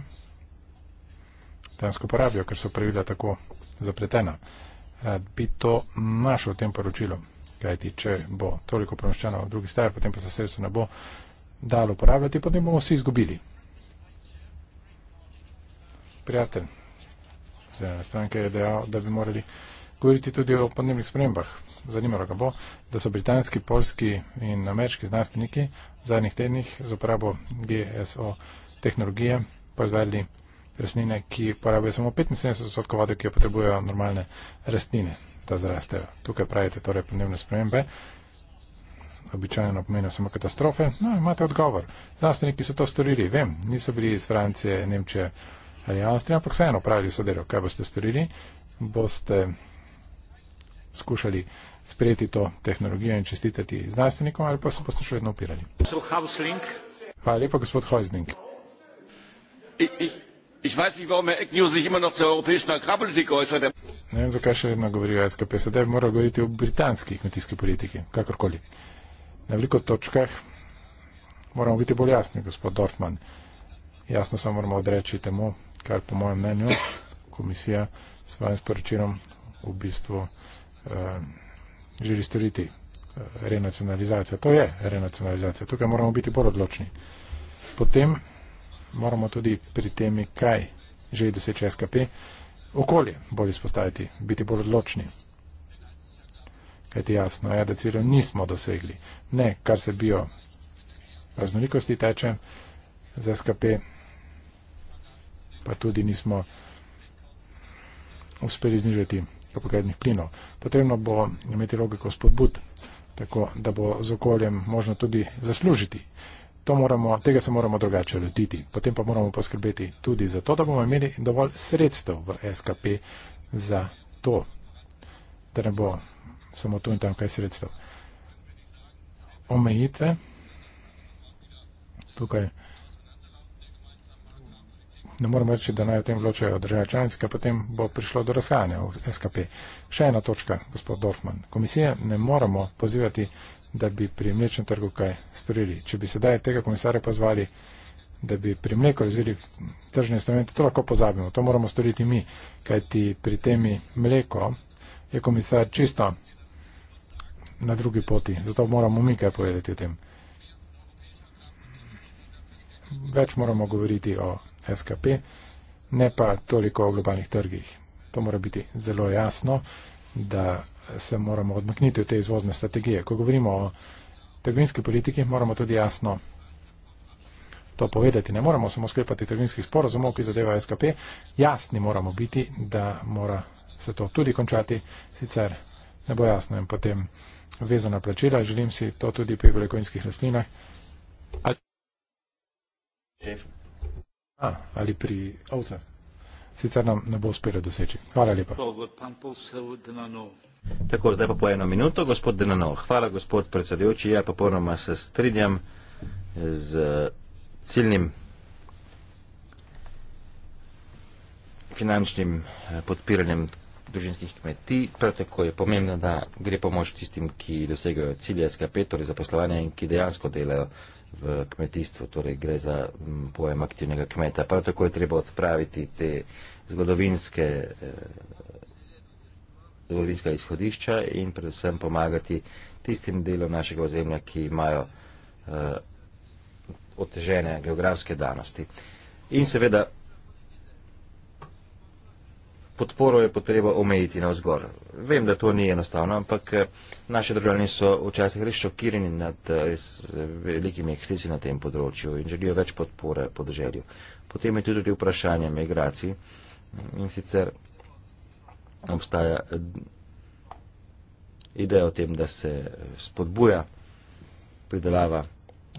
dejansko porabijo, ker so pravila tako zapletena. Rad eh, bi to našel v tem poročilu, kajti če bo toliko premoščeno v drugi stavek, potem pa se sredstvo ne bo dalo uporabljati, potem bomo vsi izgubili. Prijatelj zelene stranke je dejal, da bi morali govoriti tudi o podnebnih spremembah. Zanimalo ga bo, da so britanski, polski in ameriški znanstveniki v zadnjih tednih z uporabo GSO tehnologije proizvedli rastline, ki porabijo samo 75% vode, ki jo potrebujejo normalne rastline, da zrastejo. Tukaj pravite torej podnebne spremembe, običajno pomenijo samo katastrofe. No, imate odgovor. Znanstveniki so to storili, vem, niso bili iz Francije, Nemčije ali Avstrije, ampak vseeno pravili so delo, kaj boste storili, boste skušali sprejeti to tehnologijo in čestitati znanstvenikom ali pa se boste še vedno upirali. Hvala lepa, gospod Hojzning. Ich weiß nicht, warum Herr Agnew sich immer noch zur europäischen Agrarpolitik äußert. Ne vem, zakaj še vedno govori o SKP. Sedaj bi moral govoriti o britanski kmetijski politiki, kakorkoli. Na veliko točkah moramo biti bolj jasni, gospod Dorfman. Jasno se moramo odreči temu, kar po mojem mnenju komisija s svojim sporočilom v bistvu eh, želi storiti. Eh, renacionalizacija. To je renacionalizacija. Tukaj moramo biti bolj odločni. Potem moramo tudi pri tem, kaj že 10 SKP, okolje bolj izpostaviti, biti bolj odločni. Kajti jasno je, da ciljev nismo dosegli. Ne, kar se bio raznolikosti teče z SKP, pa tudi nismo uspeli znižati toplogrednih plinov. Potrebno bo imeti logiko spodbud, tako da bo z okoljem možno tudi zaslužiti moramo, tega se moramo drugače lotiti. Potem pa moramo poskrbeti tudi za to, da bomo imeli dovolj sredstev v SKP za to, da ne bo samo tu in tam kaj sredstev. Omejitve tukaj. Ne moramo reči, da naj o tem vločajo države članice, ker potem bo prišlo do razhajanja v SKP. Še ena točka, gospod Dorfman. Komisije ne moramo pozivati da bi pri mlečnem trgu kaj storili. Če bi sedaj tega komisarja pozvali, da bi pri mleku razvili tržne instrumente, to lahko pozabimo. To moramo storiti mi, kajti pri temi mleko je komisar čisto na drugi poti. Zato moramo mi kaj povedati o tem. Več moramo govoriti o SKP, ne pa toliko o globalnih trgih. To mora biti zelo jasno, da se moramo odmakniti od te izvozne strategije. Ko govorimo o trgovinski politiki, moramo tudi jasno to povedati. Ne moramo samo sklepati trgovinskih sporozumov, ki zadeva SKP. Jasni moramo biti, da mora se to tudi končati, sicer ne bo jasno in potem vezana plačila. Želim si to tudi pri bolekovinskih rastlinah. Ali, A, ali pri ovcah. Sicer nam ne bo uspelo doseči. Hvala lepa. Hvala lepa. Tako, zdaj pa po eno minuto, gospod Denanov. Hvala, gospod predsedujoči. Ja, popolnoma se strinjam z ciljnim finančnim eh, podpiranjem družinskih kmetij. Prav tako je pomembno, da gre pomoč tistim, ki dosegajo cilje SKP, torej zaposlovanja in ki dejansko delajo v kmetijstvu, torej gre za mm, pojem aktivnega kmeta. Prav tako je treba odpraviti te zgodovinske. Eh, zgodovinska izhodišča in predvsem pomagati tistim delom našega ozemlja, ki imajo uh, otežene geografske danosti. In seveda podporo je potrebo omejiti na vzgor. Vem, da to ni enostavno, ampak eh, naši državljani so včasih res šokirani nad eh, res velikimi ekscesi na tem področju in želijo več podpore podeželju. Potem je tudi vprašanje migracij in sicer obstaja eh, ideja o tem, da se eh, spodbuja pridelava,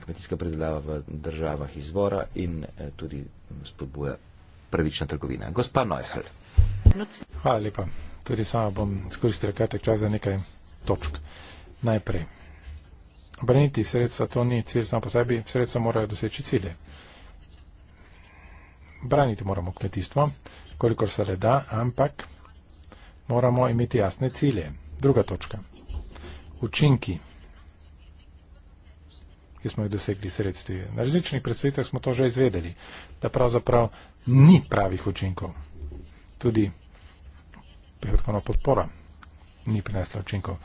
kmetijska pridelava v državah izvora in eh, tudi spodbuja pravična trgovina. Gospa Neuhl. Hvala lepa. Tudi sama bom skoristila kratek čas za nekaj točk. Najprej. Braniti sredstva to ni cilj sam po sebi, sredstva morajo doseči cilje. Braniti moramo kmetijstvo, kolikor se le da, ampak moramo imeti jasne cilje. Druga točka. Učinki, ki smo jih dosegli sredstvi. Na različnih predstavitvah smo to že izvedeli, da pravzaprav ni pravih učinkov. Tudi prihodkovna podpora ni prinesla učinkov.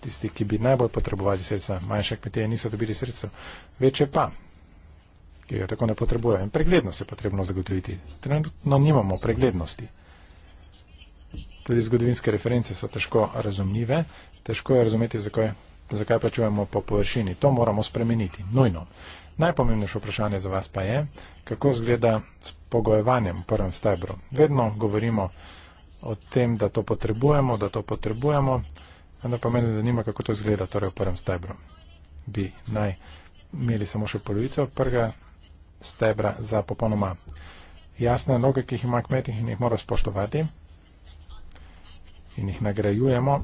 Tisti, ki bi najbolj potrebovali sredstva, manjše kmetije niso dobili sredstva, večje pa, ki ga tako ne potrebujejo. In preglednost je potrebno zagotoviti. Trenutno nimamo preglednosti tudi zgodovinske reference so težko razumljive, težko je razumeti, zakaj, zakaj plačujemo po površini. To moramo spremeniti, nujno. Najpomembnejše vprašanje za vas pa je, kako zgleda s pogojevanjem v prvem stebru. Vedno govorimo o tem, da to potrebujemo, da to potrebujemo, vendar pa me zanima, kako to zgleda torej v prvem stebru. Bi naj imeli samo še polovico prvega stebra za popolnoma jasne naloge, ki jih ima kmet in jih mora spoštovati in jih nagrajujemo,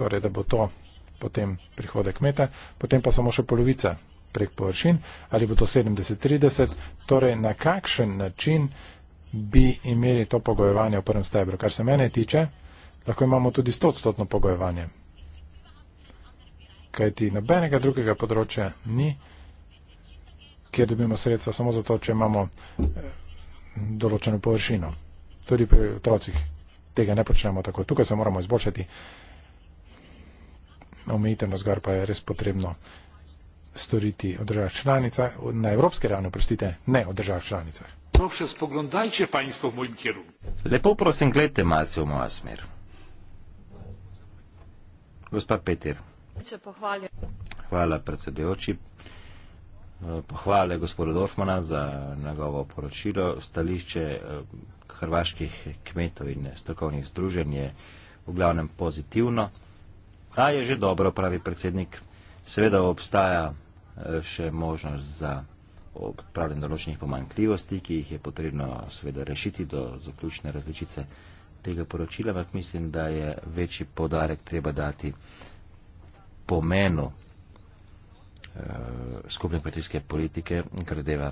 torej da bo to potem prihode kmete, potem pa samo še polovica prek površin, ali bo to 70-30, torej na kakšen način bi imeli to pogojevanje v prvem stebru. Kar se mene tiče, lahko imamo tudi 100-stotno pogojevanje. Kaj ti nobenega drugega področja ni, kjer dobimo sredstva samo zato, če imamo eh, določeno površino. Tudi pri otrocih tega ne počnemo tako. Tukaj se moramo izboljšati. Omejitev na zgor pa je res potrebno storiti v državah članicah, na evropski ravni, prostite, ne v državah članicah. Lepo prosim, gledajte malce v mojo smer. Gospa Peter. Hvala, predsedujoči pohvale gospoda Dorfmana za njegovo poročilo. Stališče eh, hrvaških kmetov in strokovnih združenj je v glavnem pozitivno. A je že dobro, pravi predsednik. Seveda obstaja eh, še možnost za odpravljanje določenih pomankljivosti, ki jih je potrebno seveda rešiti do zaključne različice tega poročila, ampak mislim, da je večji podarek treba dati pomenu Eh, skupne kmetijske politike, gredeva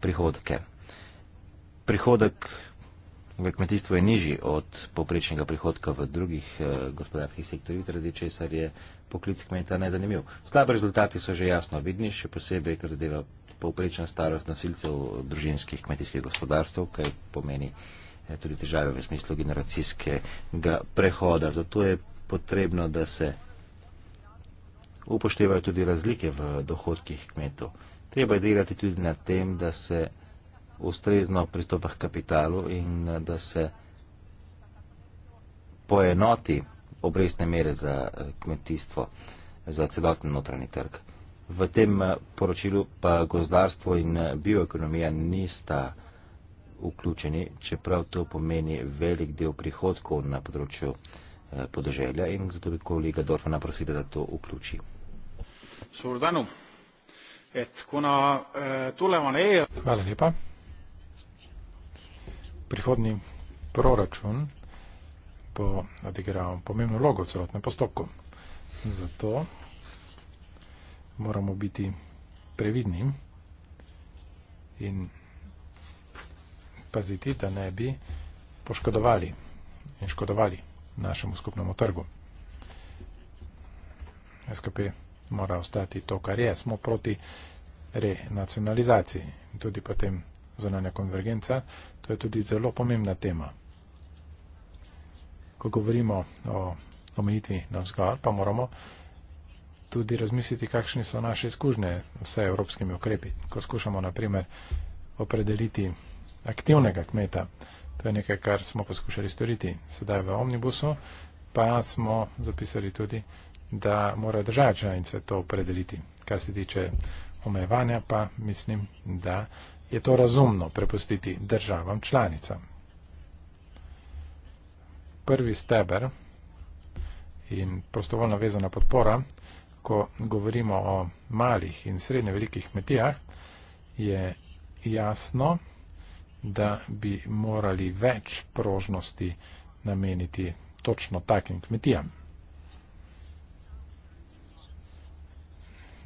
prihodke. Prihodek v kmetijstvu je nižji od poprečnega prihodka v drugih eh, gospodarskih sektorjih, zaradi česar je poklic kmeta nezanimiv. Slabi rezultati so že jasno vidni, še posebej, ker deva poprečna starost nosilcev družinskih kmetijskih gospodarstv, kaj pomeni eh, tudi težave v smislu generacijskega prehoda. Zato je potrebno, da se upoštevajo tudi razlike v dohodkih kmetov. Treba je delati tudi na tem, da se ustrezno pristopa k kapitalu in da se poenoti obrestne mere za eh, kmetijstvo, za celotni notranji trg. V tem eh, poročilu pa gozdarstvo in eh, bioekonomija nista vključeni, čeprav to pomeni velik del prihodkov na področju podeželja in zato bi kolega Dorfana prosila, da to vključi suur tänu, et kuna äh, tulevane ee-. väga hea. Prihodni proračun bo odigral pomembno vlogo v celotnem postopku. Zato moramo biti previdni in paziti, da ne bi poškodovali in škodovali našemu skupnemu trgu. SKP mora ostati to, kar je. Smo proti renacionalizaciji in tudi potem zonanja konvergenca. To je tudi zelo pomembna tema. Ko govorimo o omejitvi na vzgor, pa moramo tudi razmisliti, kakšne so naše izkušnje vse evropskimi ukrepi. Ko skušamo, na primer, opredeliti aktivnega kmeta, to je nekaj, kar smo poskušali storiti sedaj v omnibusu, pa smo zapisali tudi da morajo države članice to opredeliti. Kar se tiče omejevanja, pa mislim, da je to razumno prepustiti državam članicam. Prvi steber in prostovoljno vezana podpora, ko govorimo o malih in srednje velikih kmetijah, je jasno, da bi morali več prožnosti nameniti točno takim kmetijam.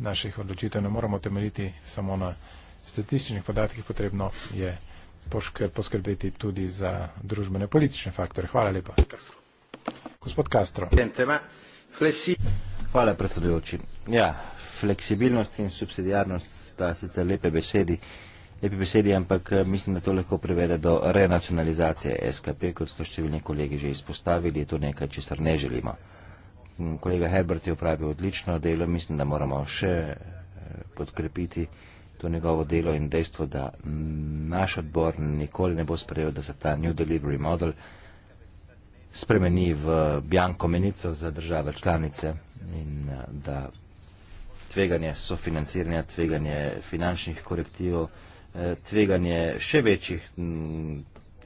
naših odločitev ne moramo temeljiti samo na statističnih podatkih, potrebno je poskrbeti tudi za družbene politične faktore. Hvala lepa. Gospod Castro. Hvala, predsedujoči. Ja, fleksibilnost in subsidijarnost sta sicer lepe besedi, lepe besedi, ampak eh, mislim, da to lahko prevede do renacionalizacije SKP, kot so številni kolegi že izpostavili, je to nekaj, česar ne želimo kolega Herbert je upravil odlično delo, mislim, da moramo še eh, podkrepiti to njegovo delo in dejstvo, da naš odbor nikoli ne bo sprejel, da se ta New Delivery Model spremeni v bjanko menico za države članice in eh, da tveganje sofinanciranja, tveganje finančnih korektivov, eh, tveganje še večjih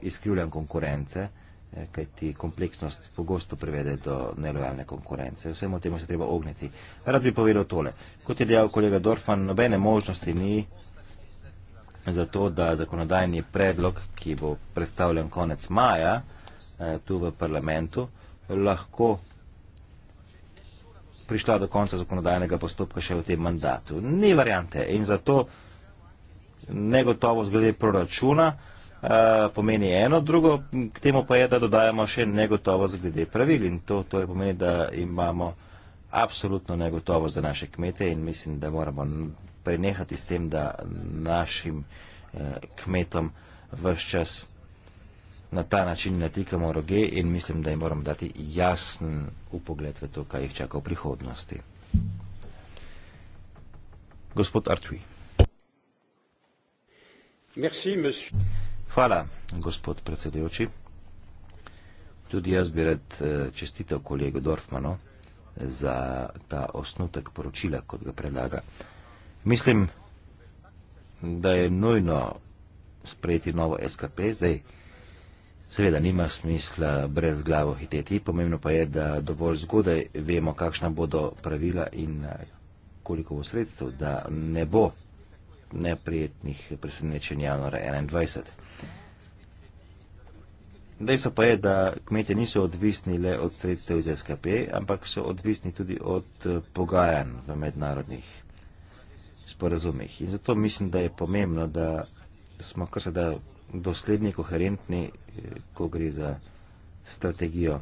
iskrivljanj konkurence, Eh, kaj ti kompleksnost pogosto privede do nelojalne konkurence. Vsemu temu se treba ogniti. Rad bi povedal tole. Kot je dejal kolega Dorfman, nobene možnosti ni za to, da zakonodajni predlog, ki bo predstavljen konec maja eh, tu v parlamentu, lahko prišla do konca zakonodajnega postopka še v tem mandatu. Ni variante in zato negotovost glede proračuna, Eh, pomeni eno, drugo k temu pa je, da dodajamo še negotovost glede pravil in to, to pomeni, da imamo absolutno negotovost za naše kmete in mislim, da moramo prenehati s tem, da našim eh, kmetom vse čas na ta način natikamo roge in mislim, da jim moramo dati jasen upogled v to, kaj jih čaka v prihodnosti. Gospod Artui. Merci, monsieur. Hvala, gospod predsedujoči. Tudi jaz bi rad eh, čestitev kolegu Dorfmanu eh, za ta osnutek poročila, kot ga predlaga. Mislim, da je nujno sprejeti novo SKP. Zdaj, seveda, nima smisla brez glavo hiteti. Pomembno pa je, da dovolj zgodaj vemo, kakšna bodo pravila in eh, koliko bo sredstev, da ne bo neprijetnih presenečenj januara 2021. Dejstvo pa je, da kmetje niso odvisni le od sredstev iz SKP, ampak so odvisni tudi od eh, pogajanj v mednarodnih sporazumih. In zato mislim, da je pomembno, da smo kar se da dosledni, koherentni, eh, ko gre za strategijo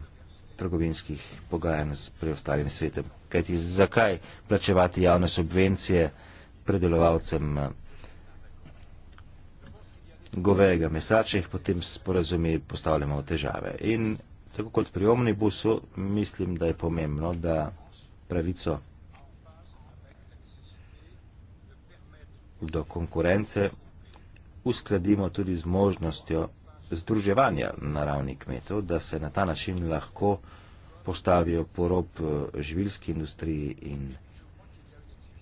trgovinskih pogajanj s preostalim svetom. Kajti zakaj plačevati javne subvencije predelovalcem? Eh, govejega mesa, če jih potem sporazumi postavljamo v težave. In tako kot pri omnibusu, mislim, da je pomembno, da pravico do konkurence uskladimo tudi z možnostjo združevanja na ravni kmetov, da se na ta način lahko postavijo porob eh, živilski industriji in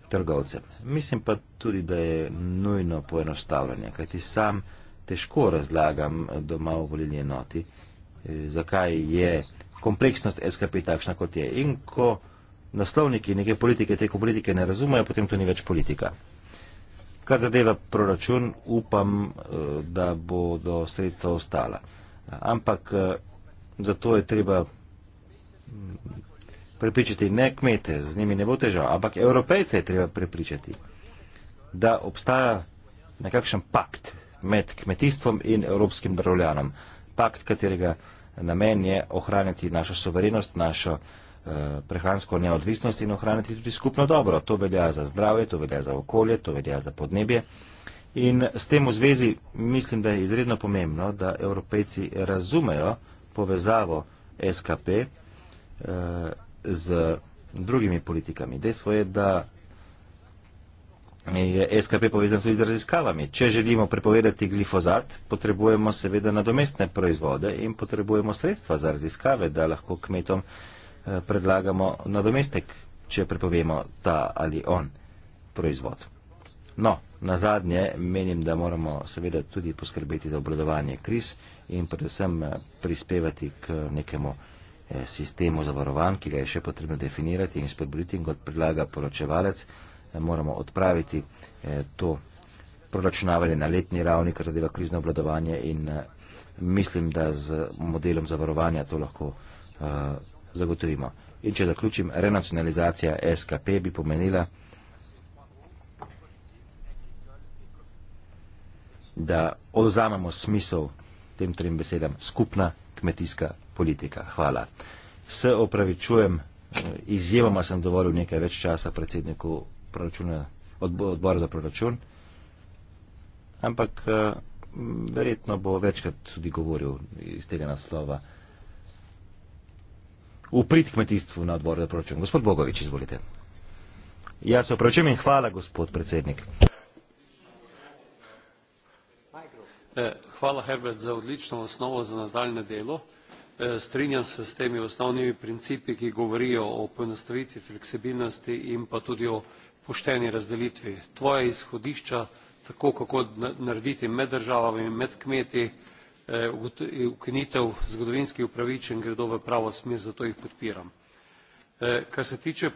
trgovcem. Mislim pa tudi, da je nujno poenostavljanje, kajti sam težko razlagam doma v volilni enoti, eh, zakaj je kompleksnost SKP takšna, kot je. In ko naslovniki neke politike te politike ne razumejo, potem to ni več politika. Kar zadeva proračun, upam, eh, da bodo sredstva ostala. Ampak eh, zato je treba mm, prepričati ne kmete, z njimi ne bo težav, ampak evropejce je treba prepričati, da obstaja nekakšen pakt med kmetijstvom in evropskim državljanom. Pakt, katerega namen je ohraniti našo soverenost, našo eh, prehransko neodvisnost in ohraniti tudi skupno dobro. To velja za zdravje, to velja za okolje, to velja za podnebje. In s tem v zvezi mislim, da je izredno pomembno, da evropejci razumejo povezavo SKP eh, z drugimi politikami. Dejstvo je, da SKP povezan tudi z raziskavami. Če želimo prepovedati glifozat, potrebujemo seveda nadomestne proizvode in potrebujemo sredstva za raziskave, da lahko kmetom eh, predlagamo nadomestek, če prepovemo ta ali on proizvod. No, na zadnje menim, da moramo seveda tudi poskrbeti za obladovanje kriz in predvsem eh, prispevati k eh, nekemu sistemu zavarovanj, ki ga je še potrebno definirati in spodbuditi, kot predlaga poročevalec moramo odpraviti eh, to proračunavanje na letni ravni, kar zadeva krizno obladovanje in eh, mislim, da z modelom zavarovanja to lahko eh, zagotovimo. In če zaključim, renacionalizacija SKP bi pomenila, da odozamemo smisel tem trim besedam skupna kmetijska politika. Hvala. Vse opravičujem, izjemoma sem dovolil nekaj več časa predsedniku proračune, odbor za proračun. Ampak eh, verjetno bo večkrat tudi govoril iz tega naslova. Uprit kmetijstvu na odbor za proračun. Gospod Bogovič, izvolite. Ja, se opravičujem in hvala, gospod predsednik. Eh, hvala, Herbert, za odlično osnovo za nadaljne delo. Eh, strinjam se s temi osnovnimi principi, ki govorijo o poenostavitvi, fleksibilnosti in pa tudi o pošteni razdelitvi. Tvoje izhodišča, tako kako narediti med državami, med kmeti, eh, ukinitev zgodovinskih upravičenj gredo v pravo smer, zato jih podpiram. Eh, kar se tiče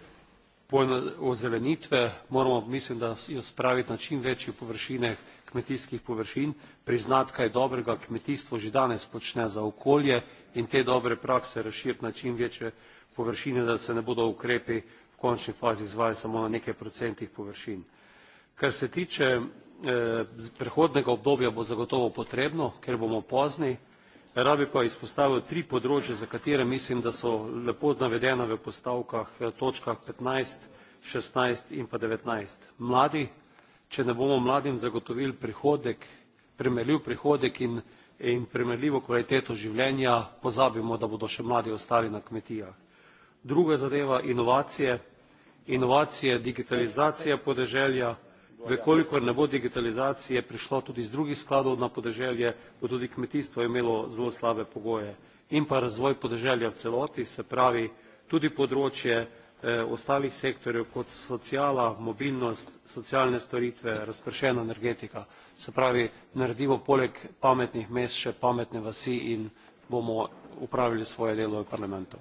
ozelenitve, moramo, mislim, da jo spraviti na čim večjih površinah kmetijskih površin, priznati, kaj dobrega kmetijstvo že danes počne za okolje in te dobre prakse razširiti na čim večje površine, da se ne bodo ukrepi končni fazi izvaja samo na nekaj procentih površin. Kar se tiče eh, prehodnega obdobja bo zagotovo potrebno, ker bomo pozni, rabi pa izpostavil tri področje, za katere mislim, da so lepo navedena v postavkah eh, točkah petnajst, šestnajst in pa devetnajst. Mladi, če ne bomo mladim zagotovili prihodek, primerljiv prihodek in, in primerljivo kvaliteto življenja, pozabimo, da bodo še mladi ostali na kmetijah druga zadeva inovacije, inovacije, digitalizacija podeželja, vekolikor ne bo digitalizacije prišlo tudi iz drugih skladov na podeželje, bo tudi kmetijstvo imelo zelo slabe pogoje in pa razvoj podeželja v celoti, se pravi tudi področje eh, ostalih sektorjev kot socijala, mobilnost, socialne storitve, razpršena energetika. Se pravi, naredimo poleg pametnih mest še pametne vasi in bomo upravili svoje delo v parlamentu.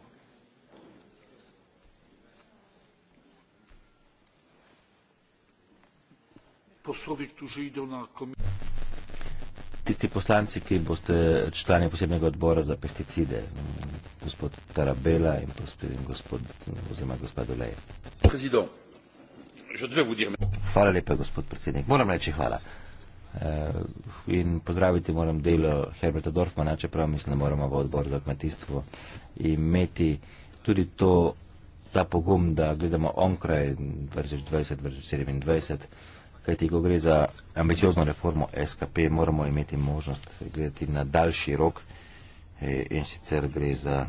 posłowie, którzy idą na komisję. Tisti poslanci, ki boste člani posebnega odbora za pesticide, gospod Tarabela in gospod, oziroma gospod Olej. Hvala lepa, gospod predsednik. Moram reči hvala. Eh, in pozdraviti moram delo Herberta Dorfmana, čeprav mislim, da moramo v odbor za kmetijstvo imeti tudi to, ta pogum, da gledamo onkraj 2020-2027. 20, 20, 20, 20 kajti ko gre za ambiciozno reformo SKP, moramo imeti možnost gledati na daljši rok e, in sicer gre za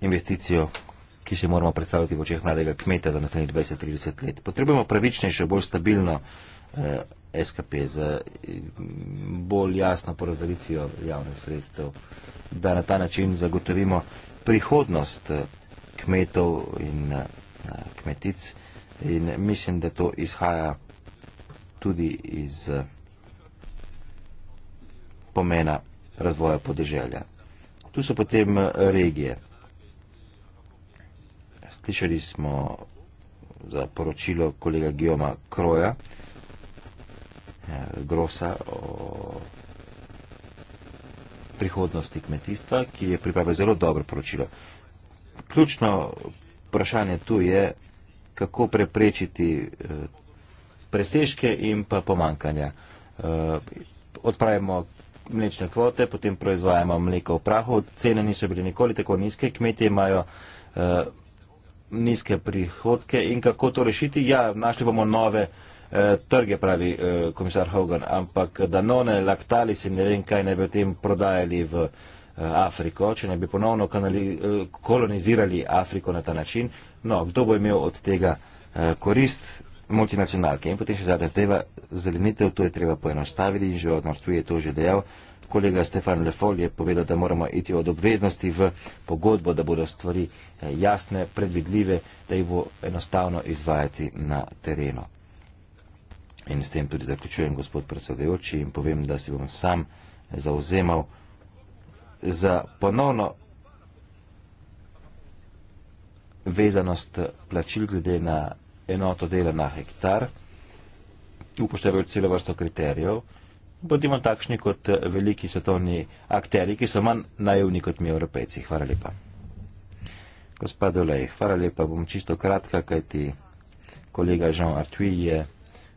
investicijo, ki se moramo predstavljati v očeh mladega kmeta za naslednjih 20-30 let. Potrebujemo pravičnejše, bolj stabilno eh, SKP z bolj jasno porazdelitvijo javnih sredstev, da na ta način zagotovimo prihodnost e, kmetov in eh, kmetic. Eh, In mislim, da to izhaja tudi iz eh, pomena razvoja podeželja. Tu so potem eh, regije. Slišali smo za poročilo kolega Gioma Kroja, eh, Grosa o prihodnosti kmetijstva, ki je pripravil zelo dobro poročilo. Ključno vprašanje tu je, kako preprečiti eh, presežke in pa pomankanja. Eh, odpravimo mlečne kvote, potem proizvajamo mleko v prahu. Cene niso bile nikoli tako nizke, kmetje imajo eh, nizke prihodke in kako to rešiti? Ja, našli bomo nove trge, pravi komisar Hogan, ampak danone, laktali se ne vem, kaj ne bi v tem prodajali v Afriko, če ne bi ponovno kanali, kolonizirali Afriko na ta način, no, kdo bo imel od tega uh, korist, multinacionalke. In potem še zadnja zdajva, zelenitev, to je treba poenostaviti in že od Martu je to že dejal. Kolega Stefan Lefol je povedal, da moramo iti od obveznosti v pogodbo, da bodo stvari eh, jasne, predvidljive, da jih bo enostavno izvajati na terenu. In s tem tudi zaključujem, gospod predsedujoči, in povem, da si bom sam zauzemal za ponovno vezanost plačil glede na enoto dela na hektar, upoštevajo celo vrsto kriterijev. Bodimo takšni kot veliki svetovni akteri, ki so manj naivni kot mi, evropejci. Hvala lepa. Gospa Dolej, hvala lepa. Bom čisto kratka, kajti kolega Jean Artui je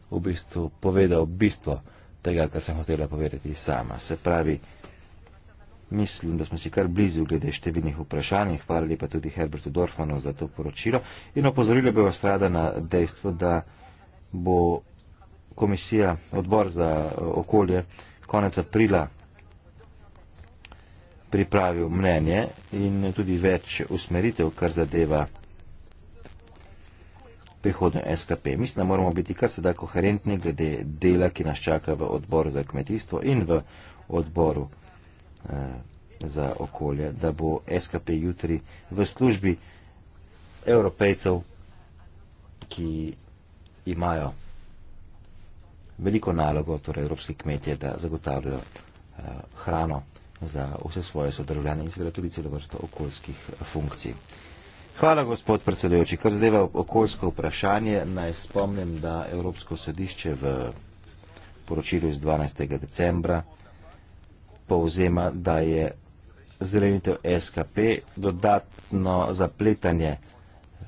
v bistvu povedal bistvo tega, kar sem hotela povedati sama. Se pravi, Mislim, da smo si kar blizu glede številnih vprašanj. Hvala lepa tudi Herbertu Dorfmanu za to poročilo. In opozorila bi vas rada na dejstvo, da bo komisija, odbor za eh, okolje, konec aprila pripravil mnenje in tudi več usmeritev, kar zadeva prihodnjo SKP. Mislim, da moramo biti kar sedaj koherentni glede dela, ki nas čaka v odboru za kmetijstvo in v odboru. Eh, za okolje, da bo SKP jutri v službi evropejcev, ki imajo veliko nalogo, torej evropske kmetje, da zagotavljajo eh, hrano za vse svoje sodržavljane in seveda tudi celo vrsto okoljskih funkcij. Hvala, gospod predsedujoči. Kar zadeva okoljsko vprašanje, naj spomnim, da Evropsko sodišče v poročilu iz 12. decembra povzema, da je zelenitev SKP dodatno zapletanje eh,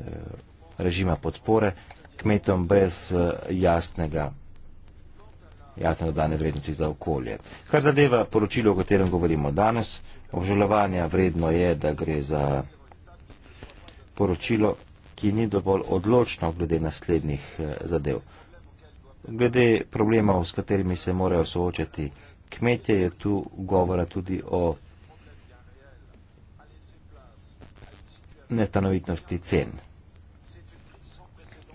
režima podpore kmetom brez eh, jasnega jasne dodane vrednosti za okolje. Kar zadeva poročilo, o katerem govorimo danes, obžalovanja vredno je, da gre za poročilo, ki ni dovolj odločno glede naslednjih eh, zadev. Glede problemov, s katerimi se morajo soočati kmetje je tu govora tudi o nestanovitnosti cen.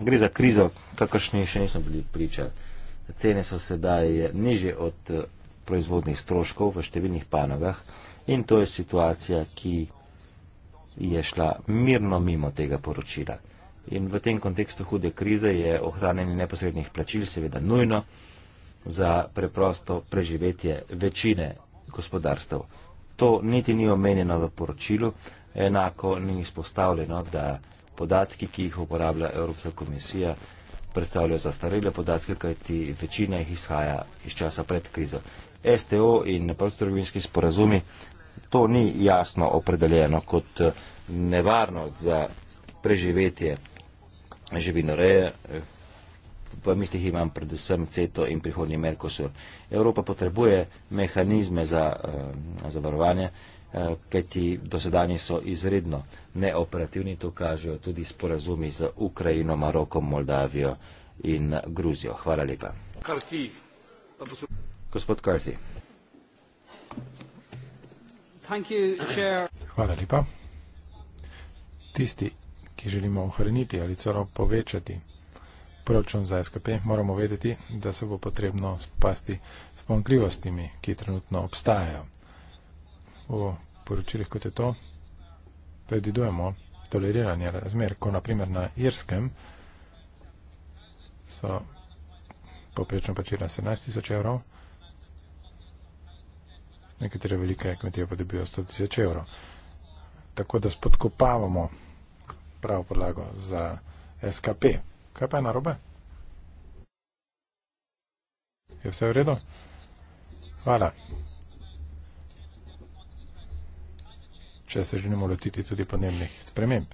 Gre za krizo, kakršni še nismo bili priča. Cene so sedaj niže od eh, proizvodnih stroškov v številnih panogah in to je situacija, ki je šla mirno mimo tega poročila. In v tem kontekstu hude krize je ohranjanje neposrednih plačil seveda nujno za preprosto preživetje večine gospodarstv. To niti ni omenjeno v poročilu, enako ni izpostavljeno, da podatki, ki jih uporablja Evropska komisija, predstavljajo zastarele podatke, kajti večina jih izhaja iz časa pred krizo. STO in protitrgovinski sporazumi, to ni jasno opredeljeno kot eh, nevarnost za preživetje živinoreje, v mislih imam predvsem CETO in prihodnji Merkosur. Evropa potrebuje mehanizme za eh, zavarovanje, eh, kajti dosedanje so izredno neoperativni, to kažejo tudi sporazumi z Ukrajino, Marokom, Moldavijo in Gruzijo. Hvala lepa. Gospod Karti. Hvala lepa. Tisti, ki želimo ohraniti ali celo povečati proračun za SKP, moramo vedeti, da se bo potrebno spasti s pomankljivostimi, ki trenutno obstajajo. V poročilih kot je to, predvidujemo toleriranje razmer, ko naprimer na Irskem so poprečno plačila 17 tisoč evrov, nekatere velike kmetije pa dobijo 100 tisoč evrov. Tako da spodkopavamo pravo podlago za SKP. Kaj pa je narobe? Je vse v redu? Hvala. Če se želimo lotiti tudi podnebnih sprememb,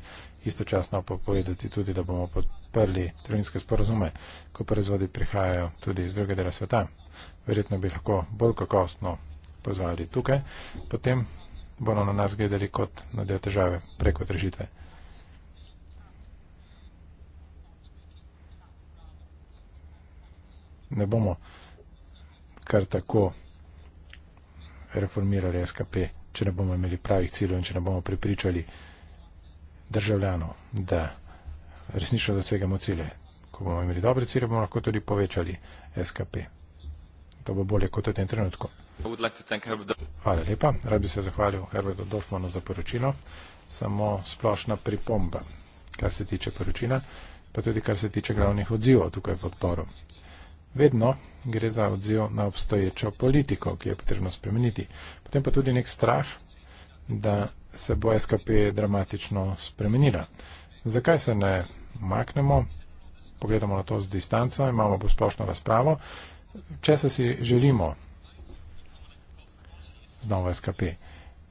istočasno pa povedati tudi, da bomo podprli trojinske sporozume, ko proizvodi prihajajo tudi iz druge dela sveta. Verjetno bi lahko bolj kakostno proizvajali tukaj, potem bodo na nas gledali kot na del težave preko trežitve. ne bomo kar tako reformirali SKP, če ne bomo imeli pravih ciljev in če ne bomo pripričali državljanov, da resnično dosegamo cilje. Ko bomo imeli dobre cilje, bomo lahko tudi povečali SKP. To bo bolje kot v tem trenutku. Hvala lepa. Rad bi se zahvalil Herbertu Dorfmanu za poročilo. Samo splošna pripomba, kar se tiče poročila, pa tudi kar se tiče glavnih odzivov tukaj v odboru. Vedno gre za odziv na obstoječo politiko, ki je potrebno spremeniti. Potem pa tudi nek strah, da se bo SKP dramatično spremenila. Zakaj se ne maknemo, pogledamo na to z distanco, imamo bo splošno razpravo, če se si želimo z novo SKP.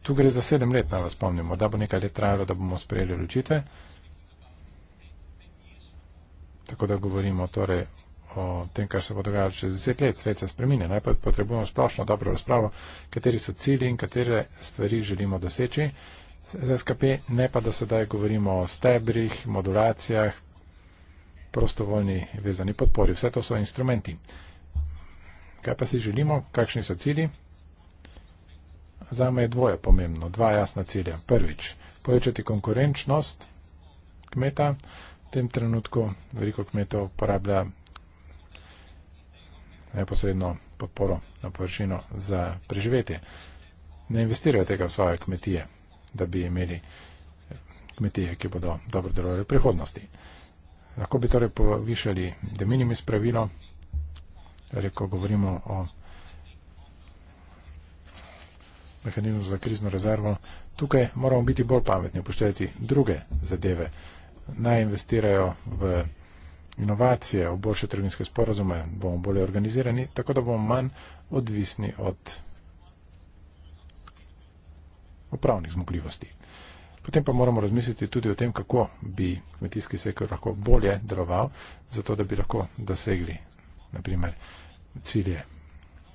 Tu gre za sedem let, naj vas spomnimo, da bo nekaj let trajalo, da bomo sprejeli odločitve. Tako da govorimo torej o tem, kar se bo dogajalo čez deset let. Svet se spremine. Najprej potrebujemo splošno dobro razpravo, kateri so cilji in katere stvari želimo doseči z SKP, ne pa da sedaj govorimo o stebrih, modulacijah, prostovoljni vezani podpori. Vse to so instrumenti. Kaj pa si želimo? Kakšni so cilji? Zame je dvoje pomembno, dva jasna cilja. Prvič, povečati konkurenčnost kmeta. V tem trenutku veliko kmetov uporablja neposredno podporo na površino za preživetje. Ne investirajo tega v svoje kmetije, da bi imeli eh, kmetije, ki bodo dobro delovali v prihodnosti. Lahko bi torej povišali de minimis pravilo, torej ko govorimo o mehanizmu za krizno rezervo, tukaj moramo biti bolj pametni, upoštevati druge zadeve. Naj investirajo v inovacije, v boljše trgovinske sporazume, bomo bolje organizirani, tako da bomo manj odvisni od upravnih zmogljivosti. Potem pa moramo razmisliti tudi o tem, kako bi kmetijski sektor lahko bolje deloval, zato da bi lahko dosegli, naprimer, cilje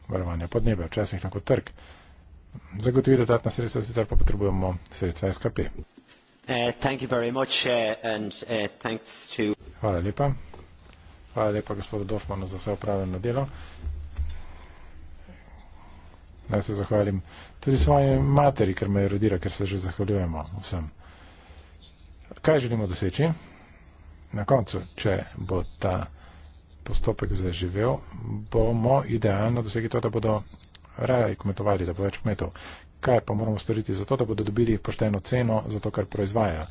varovanja podnebja, včasih lahko trg. Zagotovi dodatna sredstva, sicer pa potrebujemo sredstva SKP. Uh, thank you very much uh, and uh, thanks to. Hvala lepa. Hvala lepa gospodu Dofmanu za vse upravljeno delo. Naj se zahvalim tudi svoji materi, ker me je rodila, ker se že zahvaljujemo vsem. Kaj želimo doseči? Na koncu, če bo ta postopek zaživel, bomo idealno dosegli to, da bodo raje kmetovali, da bo več kmetov kaj pa moramo storiti za to, da bodo dobili pošteno ceno za to, kar proizvajajo.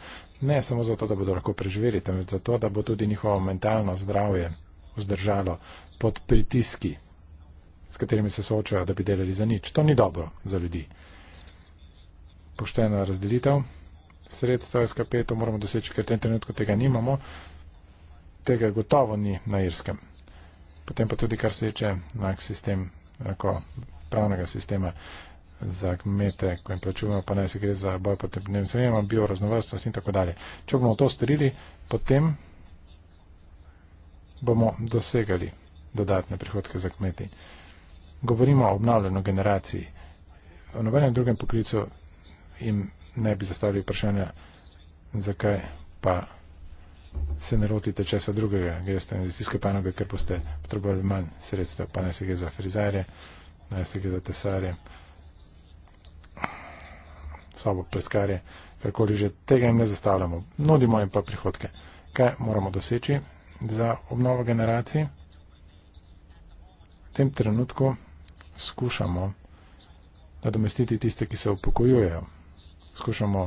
Ne samo zato, da bodo lahko preživeli, temveč zato, da bo tudi njihovo mentalno zdravje vzdržalo pod pritiski, s katerimi se soočajo, da bi delali za nič. To ni dobro za ljudi. Poštena razdelitev sredstva SKP, to moramo doseči, ker v tem trenutku tega nimamo. Tega gotovo ni na irskem. Potem pa tudi, kar se tiče no, sistem, pravnega sistema za kmete, ko jim plačujemo, pa ne se gre za boj proti podnebnim spremembam, bioraznovrstnost in tako dalje. Če bomo to storili, potem bomo dosegali dodatne prihodke za kmeti. Govorimo o obnavljeno generaciji. V nobenem drugem poklicu jim ne bi zastavili vprašanja, zakaj pa se ne lotite česa drugega, greste na investicijske panoge, ker boste potrebovali manj sredstev, pa ne se gre za frizarje, ne se gre za tesarje sobo, pleskarje, karkoli že, tega jim ne zastavljamo. Nudimo jim pa prihodke. Kaj moramo doseči za obnovo generacij? V tem trenutku skušamo nadomestiti tiste, ki se upokojujejo. Skušamo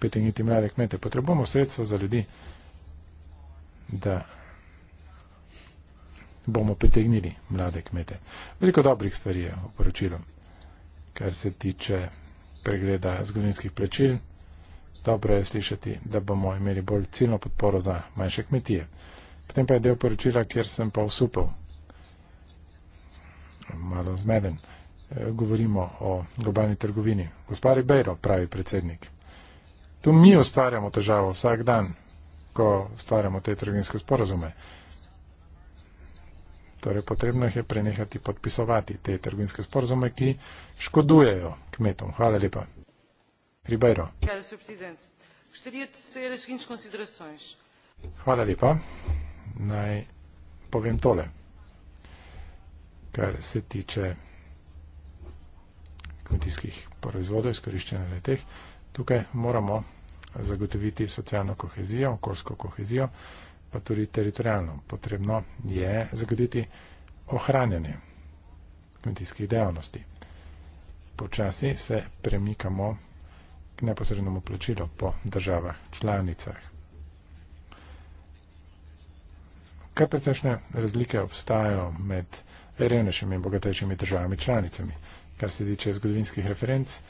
petiniti mlade kmete. Potrebujemo sredstva za ljudi, da bomo pritegnili mlade kmete. Veliko dobrih stvari je v poročilu, kar se tiče pregleda zgodovinskih plačil, dobro je slišati, da bomo imeli bolj ciljno podporo za manjše kmetije. Potem pa je del poročila, kjer sem pa usupal, malo zmeden, e, govorimo o globalni trgovini. Gospod Ribeiro, pravi predsednik, tu mi ustvarjamo težavo vsak dan, ko ustvarjamo te trgovinske sporozume. Torej, potrebno jih je prenehati podpisovati te trgovinske sporozume, ki škodujejo kmetom. Hvala lepa. Ribeiro. Hvala lepa. Naj povem tole, kar se tiče kmetijskih proizvodov, izkoriščene le teh. Tukaj moramo zagotoviti socialno kohezijo, okoljsko kohezijo pa tudi teritorijalno. Potrebno je zagoditi ohranjanje kmetijskih dejavnosti. Počasi se premikamo k neposrednemu plačilu po državah članicah. Kar precejšnje razlike obstajajo med revnejšimi in bogatejšimi državami članicami. Kar se tiče zgodovinskih referenc,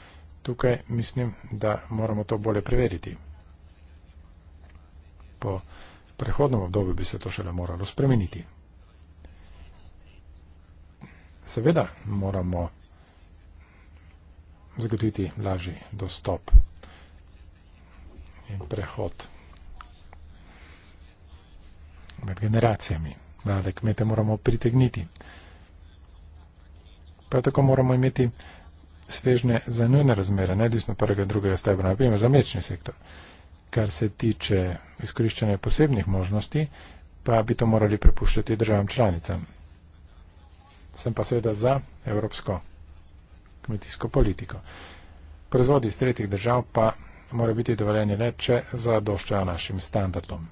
tukaj mislim, da moramo to bolje preveriti. Po prehodnem obdobju bi se to šele moralo spremeniti. Seveda moramo zagotoviti lažji dostop in prehod med generacijami. Mlade kmete moramo pritegniti. Prav tako moramo imeti svežne za nujne razmere, neodvisno prvega in drugega stebra, na primer za mlečni sektor kar se tiče izkoriščanja posebnih možnosti, pa bi to morali prepuščati državam članicam. Sem pa seveda za evropsko kmetijsko politiko. Proizvodi iz tretjih držav pa morajo biti dovoljeni le, če zadoščajo našim standardom.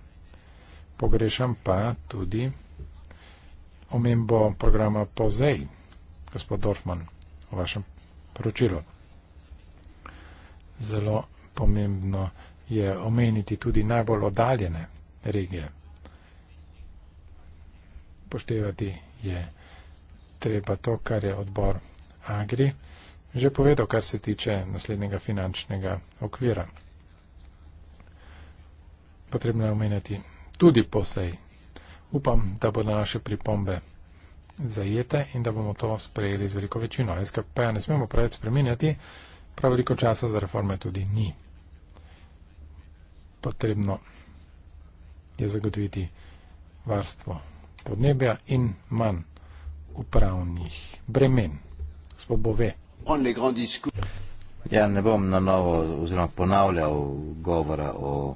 Pogrešam pa tudi omembo programa POZEJ, gospod Dorfman, v vašem poročilu. Zelo pomembno je omeniti tudi najbolj oddaljene regije. Poštevati je treba to, kar je odbor Agri že povedal, kar se tiče naslednjega finančnega okvira. Potrebno je omenjati tudi posej. Upam, da bodo naše pripombe zajete in da bomo to sprejeli z veliko večino. SKP ne smemo preveč spreminjati, prav veliko časa za reforme tudi ni potrebno je zagotoviti varstvo podnebja in manj upravnih bremen. Gospod Bove. Ja, ne bom na novo oziroma ponavljal govora o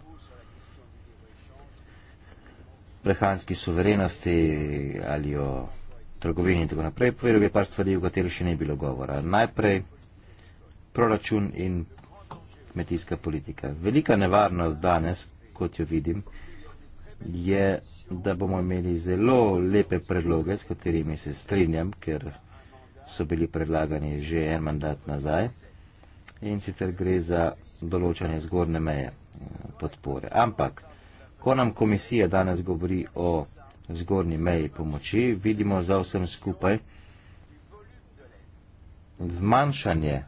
prehanski suverenosti ali o trgovini in tako naprej. Povedal bi par stvari, o kateri še ni bilo govora. Najprej proračun in kmetijska politika. Velika nevarnost danes, kot jo vidim, je, da bomo imeli zelo lepe predloge, s katerimi se strinjam, ker so bili predlagani že en mandat nazaj in sicer gre za določanje zgornje meje eh, podpore. Ampak, ko nam komisija danes govori o zgornji meji pomoči, vidimo za vsem skupaj zmanjšanje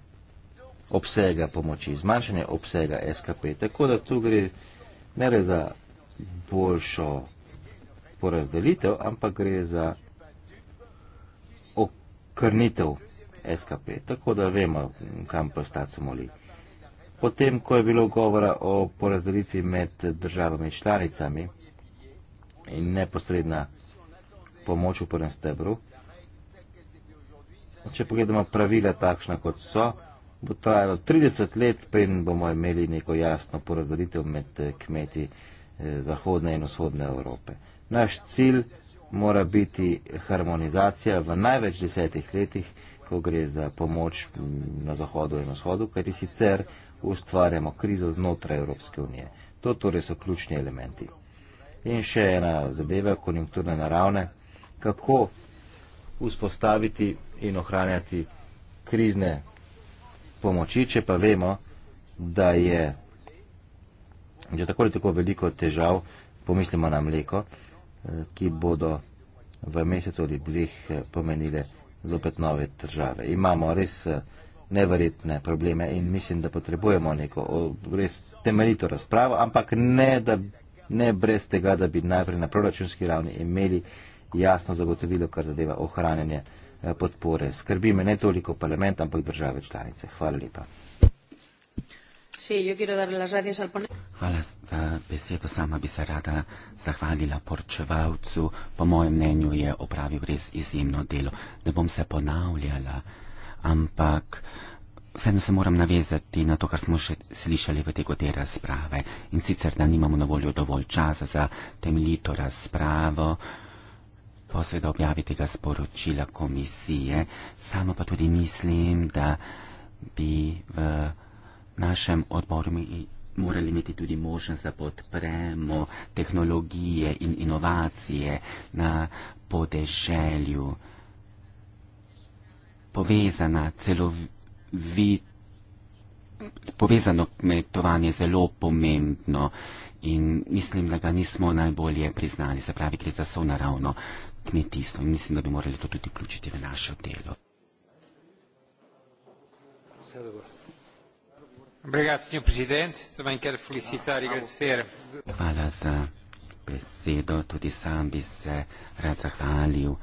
obsega pomoči, zmanjšanje obsega SKP, tako da tu gre ne gre za boljšo porazdelitev, ampak gre za okrnitev SKP, tako da vemo, kam prostat se moli. Potem, ko je bilo govora o porazdelitvi med državami članicami in neposredna pomoč v prvem stebru, če pogledamo pravila takšna, kot so, bo trajalo 30 let, preden bomo imeli neko jasno porazdelitev med eh, kmeti eh, Zahodne in Vzhodne Evrope. Naš cilj mora biti harmonizacija v največ desetih letih, ko gre za pomoč mm, na Zahodu in Vzhodu, kajti sicer ustvarjamo krizo znotraj Evropske unije. To torej so ključni elementi. In še ena zadeva, konjunkturne naravne, kako vzpostaviti in ohranjati krizne pomoči, če pa vemo, da je že tako ali tako veliko težav, pomislimo na mleko, eh, ki bodo v mesecu ali dveh eh, pomenile zopet nove države. Imamo res eh, neverjetne probleme in mislim, da potrebujemo neko res temeljito razpravo, ampak ne, da, ne brez tega, da bi najprej na proračunski ravni imeli jasno zagotovilo, kar zadeva ohranjanje. Eh, podpore. Skrbi me ne toliko parlament, ampak države članice. Hvala lepa. Hvala za besedo. Sama bi se rada zahvalila poročevalcu. Po mojem mnenju je opravil res izjemno delo. Ne bom se ponavljala, ampak vseeno se moram navezati na to, kar smo še slišali v tej godi razprave. In sicer, da nimamo na voljo dovolj časa za temeljito razpravo posebej objavi tega sporočila komisije. Samo pa tudi mislim, da bi v našem odboru mi morali imeti tudi možnost, da podpremo tehnologije in inovacije na podeželju. Povezana celovit, povezano kmetovanje je zelo pomembno in mislim, da ga nismo najbolje priznali, se pravi, gre za sonaravno kmetijstvo in mislim, da bi morali to tudi vključiti v našo delo. E Hvala za besedo. Tudi sam bi se rad zahvalil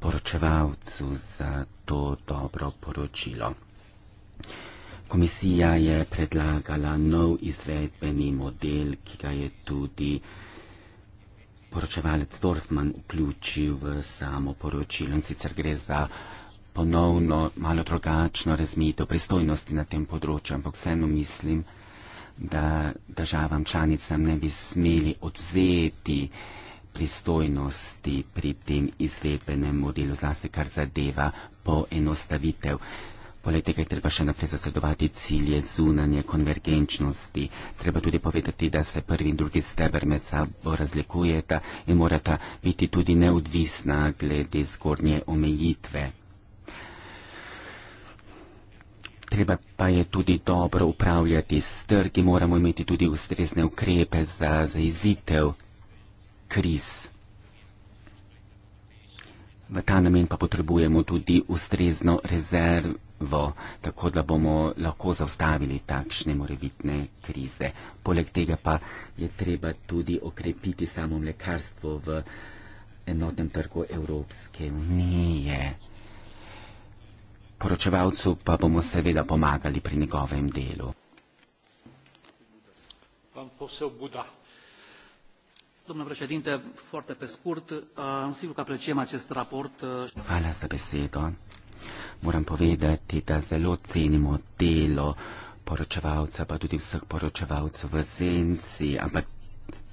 poročevalcu za to dobro poročilo. Komisija je predlagala nov izvedbeni model, ki ga je tudi uh, poročevalec Dorfman vključil v samo poročilo in sicer gre za ponovno malo drugačno razmitev pristojnosti na tem področju, ampak vseeno mislim, da državam članicam ne bi smeli odvzeti pristojnosti pri tem izvedbenem modelu, zlasti kar zadeva poenostavitev Poleg tega je treba še naprej zasledovati cilje zunanje konvergenčnosti. Treba tudi povedati, da se prvi in drugi steber med sabo razlikujeta in morata biti tudi neodvisna glede zgornje omejitve. Treba pa je tudi dobro upravljati s trgi, moramo imeti tudi ustrezne ukrepe za zaizitev kriz. V ta namen pa potrebujemo tudi ustrezno rezervo vo, tako da bomo lahko zaustavili takšne morebitne krize. Poleg tega pa je treba tudi okrepiti samo mlekarstvo v enotnem trgu Evropske unije. Poročevalcu pa bomo seveda pomagali pri njegovem delu. Hvala za besedo. Moram povedati, da zelo cenimo delo poročevalca, pa tudi vseh poročevalcev v senci, ampak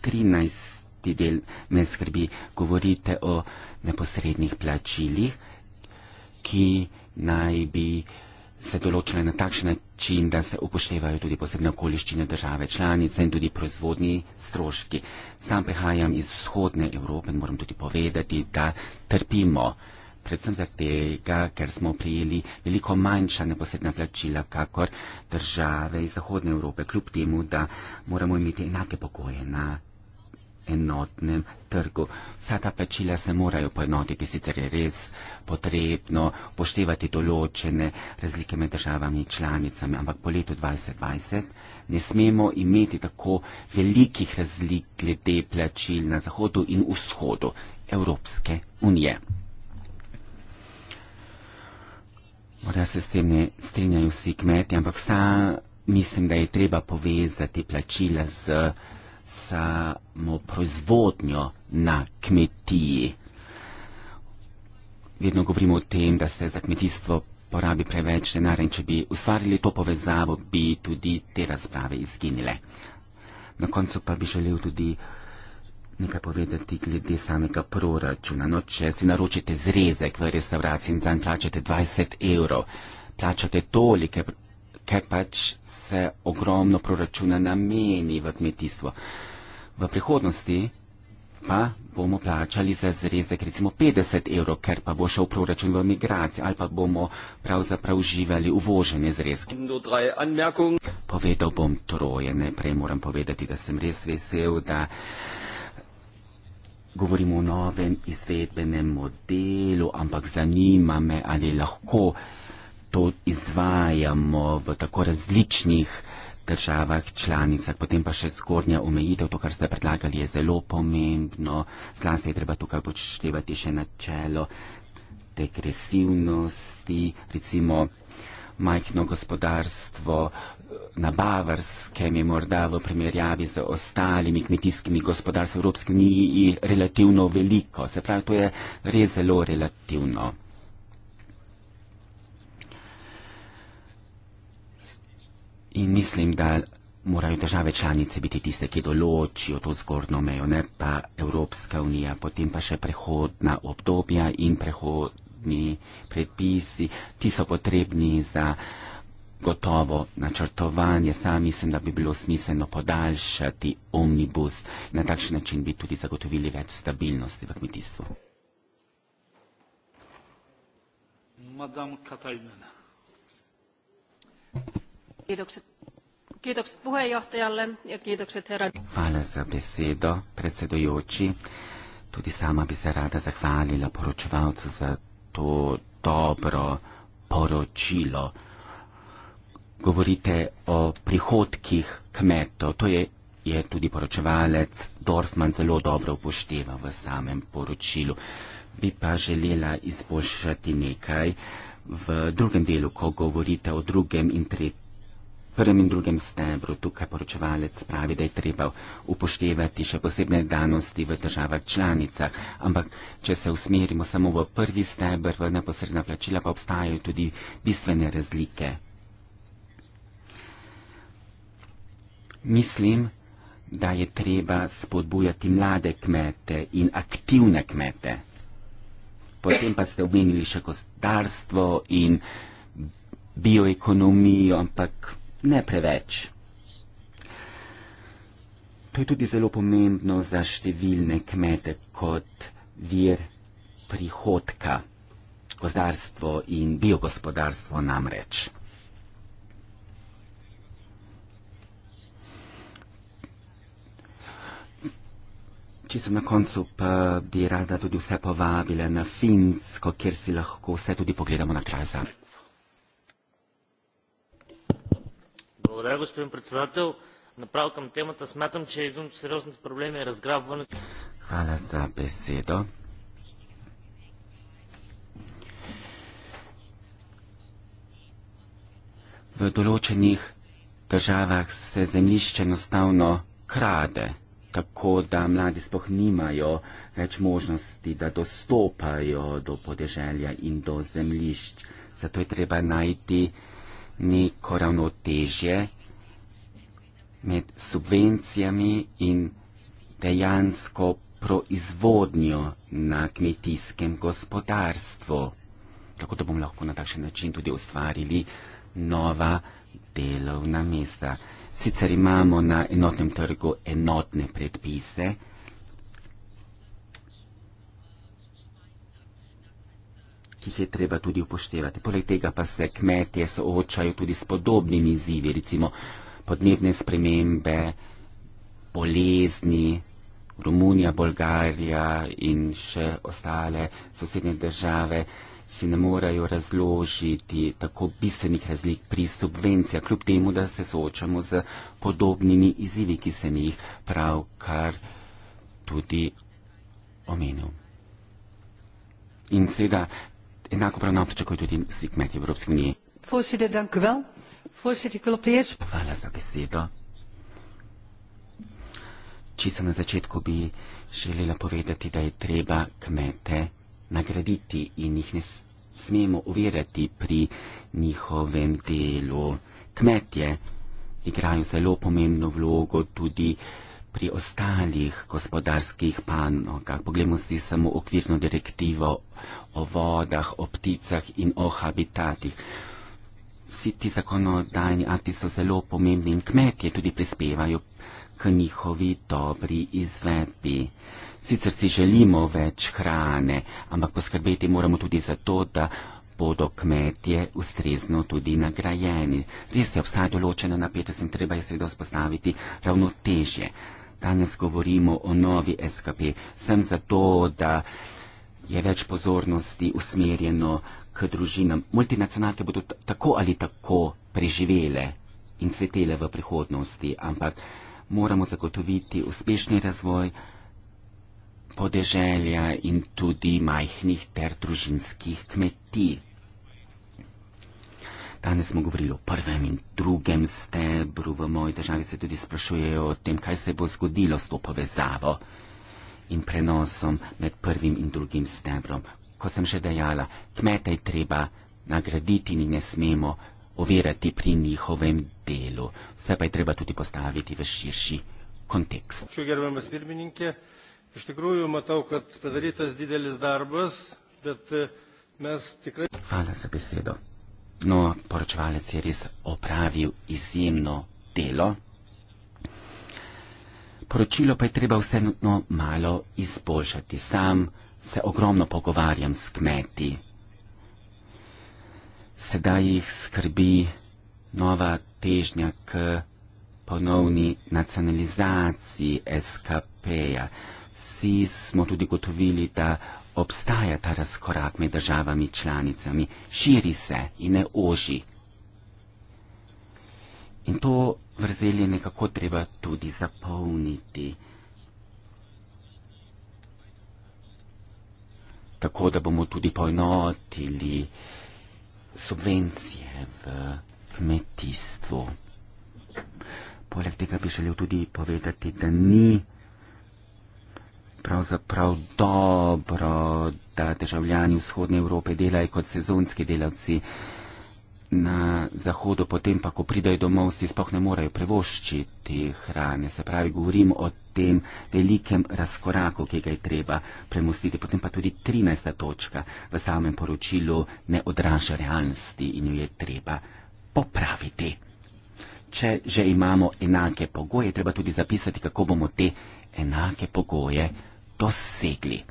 13. del me skrbi, govorite o neposrednih plačilih, ki naj bi se določile na takšen način, da se upoštevajo tudi posebne okoliščine države članice in tudi proizvodni stroški. Sam prihajam iz vzhodne Evrope in moram tudi povedati, da trpimo predvsem zato, ker smo prijeli veliko manjša neposredna plačila, kakor države iz Zahodne Evrope, kljub temu, da moramo imeti enake pokoje na enotnem trgu. Vsa ta plačila se morajo poenotiti, sicer je res potrebno poštevati določene razlike med državami in članicami, ampak po letu 2020 ne smemo imeti tako velikih razlik glede plačil na Zahodu in vzhodu Evropske unije. Morda se s tem ne strinjajo vsi kmeti, ampak vsa mislim, da je treba povezati plačila z samo proizvodnjo na kmetiji. Vedno govorimo o tem, da se za kmetijstvo porabi preveč denarja in če bi ustvarili to povezavo, bi tudi te razprave izginile. Na koncu pa bi želel tudi nekaj povedati glede samega proračuna. No, če si naročite zrezek v restauraciji in zanj plačate 20 evrov, plačate toliko, ker pač se ogromno proračuna nameni v kmetijstvo. V prihodnosti pa bomo plačali za zrezek recimo 50 evrov, ker pa bo šel proračun v migracijo ali pa bomo pravzaprav živeli uvožene zrezke. Povedal bom troje, najprej moram povedati, da sem res vesel, da govorimo o novem izvedbenem modelu, ampak zanima me, ali lahko to izvajamo v tako različnih državah, članicah, potem pa še zgornja omejitev, to, kar ste predlagali, je zelo pomembno. Zlasti je treba tukaj počštevati še načelo degresivnosti, recimo majhno gospodarstvo na Bavarskem je morda v primerjavi z ostalimi kmetijskimi gospodarstvi Evropske unije relativno veliko. Se pravi, to je res zelo relativno. In mislim, da morajo države članice biti tiste, ki določijo to zgornjo mejo, ne pa Evropska unija, potem pa še prehodna obdobja in prehodni predpisi, ti so potrebni za gotovo načrtovanje. Sam mislim, da bi bilo smiselno podaljšati omnibus. Na takšen način bi tudi zagotovili več stabilnosti v kmetijstvu. Ja Hvala za besedo, predsedojoči. Tudi sama bi se rada zahvalila poročevalcu za to dobro poročilo govorite o prihodkih kmetov. To je, je tudi poročevalec Dorfman zelo dobro upošteval v samem poročilu. Bi pa želela izboljšati nekaj v drugem delu, ko govorite o drugem in tretjem. Prvem in drugem stebru tukaj poročevalec pravi, da je treba upoštevati še posebne danosti v državah članicah, ampak če se usmerimo samo v prvi stebr, v neposredna plačila, pa obstajajo tudi bistvene razlike Mislim, da je treba spodbujati mlade kmete in aktivne kmete. Potem pa ste omenili še gospodarstvo in bioekonomijo, ampak ne preveč. To je tudi zelo pomembno za številne kmete kot vir prihodka. Gospodarstvo in biogospodarstvo namreč. Ki so na koncu pa bi rada tudi vse povabile na Finsko, kjer si lahko vse tudi pogledamo na kraza. Благодаря, господин председател. Направо към темата смятам, че един от сериозните проблеми е разграбването. Хвала за беседо. В določених държавах се землище наставно краде tako da mladi sploh nimajo več možnosti, da dostopajo do podeželja in do zemljišč. Zato je treba najti neko ravnotežje med subvencijami in dejansko proizvodnjo na kmetijskem gospodarstvu, tako da bomo lahko na takšen način tudi ustvarili nova delovna mesta. Sicer imamo na enotnem trgu enotne predpise, ki jih je treba tudi upoštevati. Poleg tega pa se kmetje soočajo tudi s podobnimi izzivi, recimo podnebne spremembe, bolezni. Romunija, Bolgarija in še ostale sosednje države si ne morejo razložiti tako bistvenih razlik pri subvencijah, kljub temu, da se soočamo z podobnimi izzivi, ki sem jih pravkar tudi omenil. In seveda enako pravno pričakujo tudi vsi kmeti Evropske unije. Hvala za besedo. Čisto na začetku bi želela povedati, da je treba kmete nagraditi in jih ne smemo uverjati pri njihovem delu. Kmetje igrajo zelo pomembno vlogo tudi pri ostalih gospodarskih panogah. Poglejmo si samo okvirno direktivo o vodah, o pticah in o habitatih. Vsi ti zakonodajni akti so zelo pomembni in kmetje tudi prispevajo k njihovi dobri izvedbi. Sicer si želimo več hrane, ampak poskrbeti moramo tudi za to, da bodo kmetje ustrezno tudi nagrajeni. Res je, obstaja določena napetost in treba je seveda vzpostaviti ravnotežje. Danes govorimo o novi SKP. Sem zato, da je več pozornosti usmerjeno k družinam. Multinacionalke bodo tako ali tako preživele in cvetele v prihodnosti, ampak moramo zagotoviti uspešni razvoj podeželja in tudi majhnih ter družinskih kmetij. Danes smo govorili o prvem in drugem stebru. V moji državi se tudi sprašujejo o tem, kaj se bo zgodilo s to povezavo in prenosom med prvim in drugim stebrom. Kot sem že dejala, kmete je treba nagraditi in ne smemo ovirati pri njihovem delu. Vse pa je treba tudi postaviti v širši kontekst. Čujem, iš tikrųjų matau, kad padarytas didelis darbas, bet e, mes tikrai. Hvala za besedo. No, poročevalec je res opravil izjemno delo. Poročilo pa je treba vseeno malo izboljšati. Sam se ogromno pogovarjam s kmeti. Sedaj jih skrbi nova težnja k ponovni nacionalizaciji SKP-ja. -ja vsi smo tudi gotovili, da obstaja ta razkorak med državami članicami, širi se in ne oži. In to vrzel je nekako treba tudi zapolniti. Tako da bomo tudi poenotili subvencije v kmetijstvu. Poleg tega bi želel tudi povedati, da ni pravzaprav dobro, da državljani vzhodne Evrope delajo kot sezonski delavci na zahodu, potem pa, ko pridajo domov, si spoh ne morejo prevoščiti hrane. Se pravi, govorim o tem velikem razkoraku, ki ga je treba premustiti. Potem pa tudi 13. točka v samem poročilu ne odraža realnosti in jo je treba popraviti. Če že imamo enake pogoje, treba tudi zapisati, kako bomo te enake pogoje dosegli.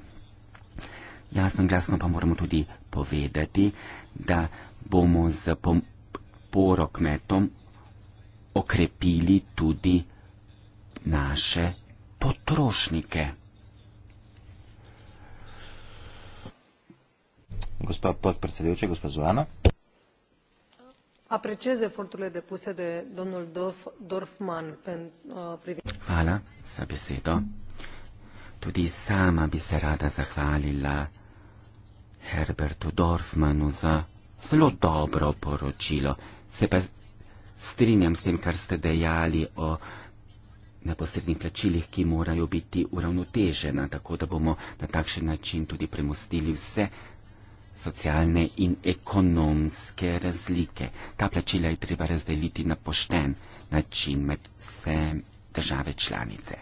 Jasno in glasno pa moramo tudi povedati, da bomo z poro kmetom okrepili tudi naše potrošnike. Gospa podpredsedujoča, gospa Zvana. Aprecieze efortul de puse de domnul Dorfman. Uh, Hvala za besedo. Tudi sama bi se rada zahvalila Herbertu Dorfmanu za zelo dobro poročilo. Se pa strinjam s tem, kar ste dejali o neposrednih plačilih, ki morajo biti uravnotežena, tako da bomo na takšen način tudi premostili vse socialne in ekonomske razlike. Ta plačila je treba razdeliti na pošten način med vse države članice.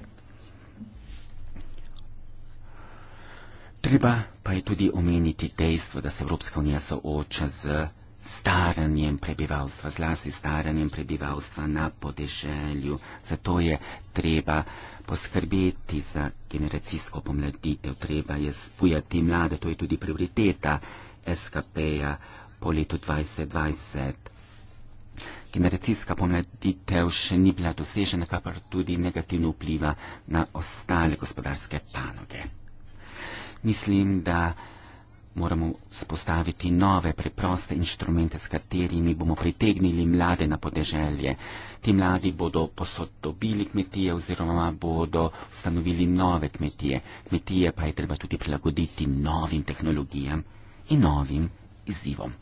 Treba pa je tudi omeniti dejstvo, da se Evropska unija sooča z staranjem prebivalstva, zlasti staranjem prebivalstva na podeželju. Zato je treba poskrbeti za generacijsko pomladitev, treba je spujati mlade, to je tudi prioriteta SKP-ja po letu 2020. Generacijska pomladitev še ni bila dosežena, kar pa tudi negativno vpliva na ostale gospodarske panoge mislim, da moramo spostaviti nove preproste inštrumente, s katerimi bomo pritegnili mlade na podeželje. Ti mladi bodo posodobili kmetije oziroma bodo ustanovili nove kmetije. Kmetije pa je treba tudi prilagoditi novim tehnologijam in novim izzivom.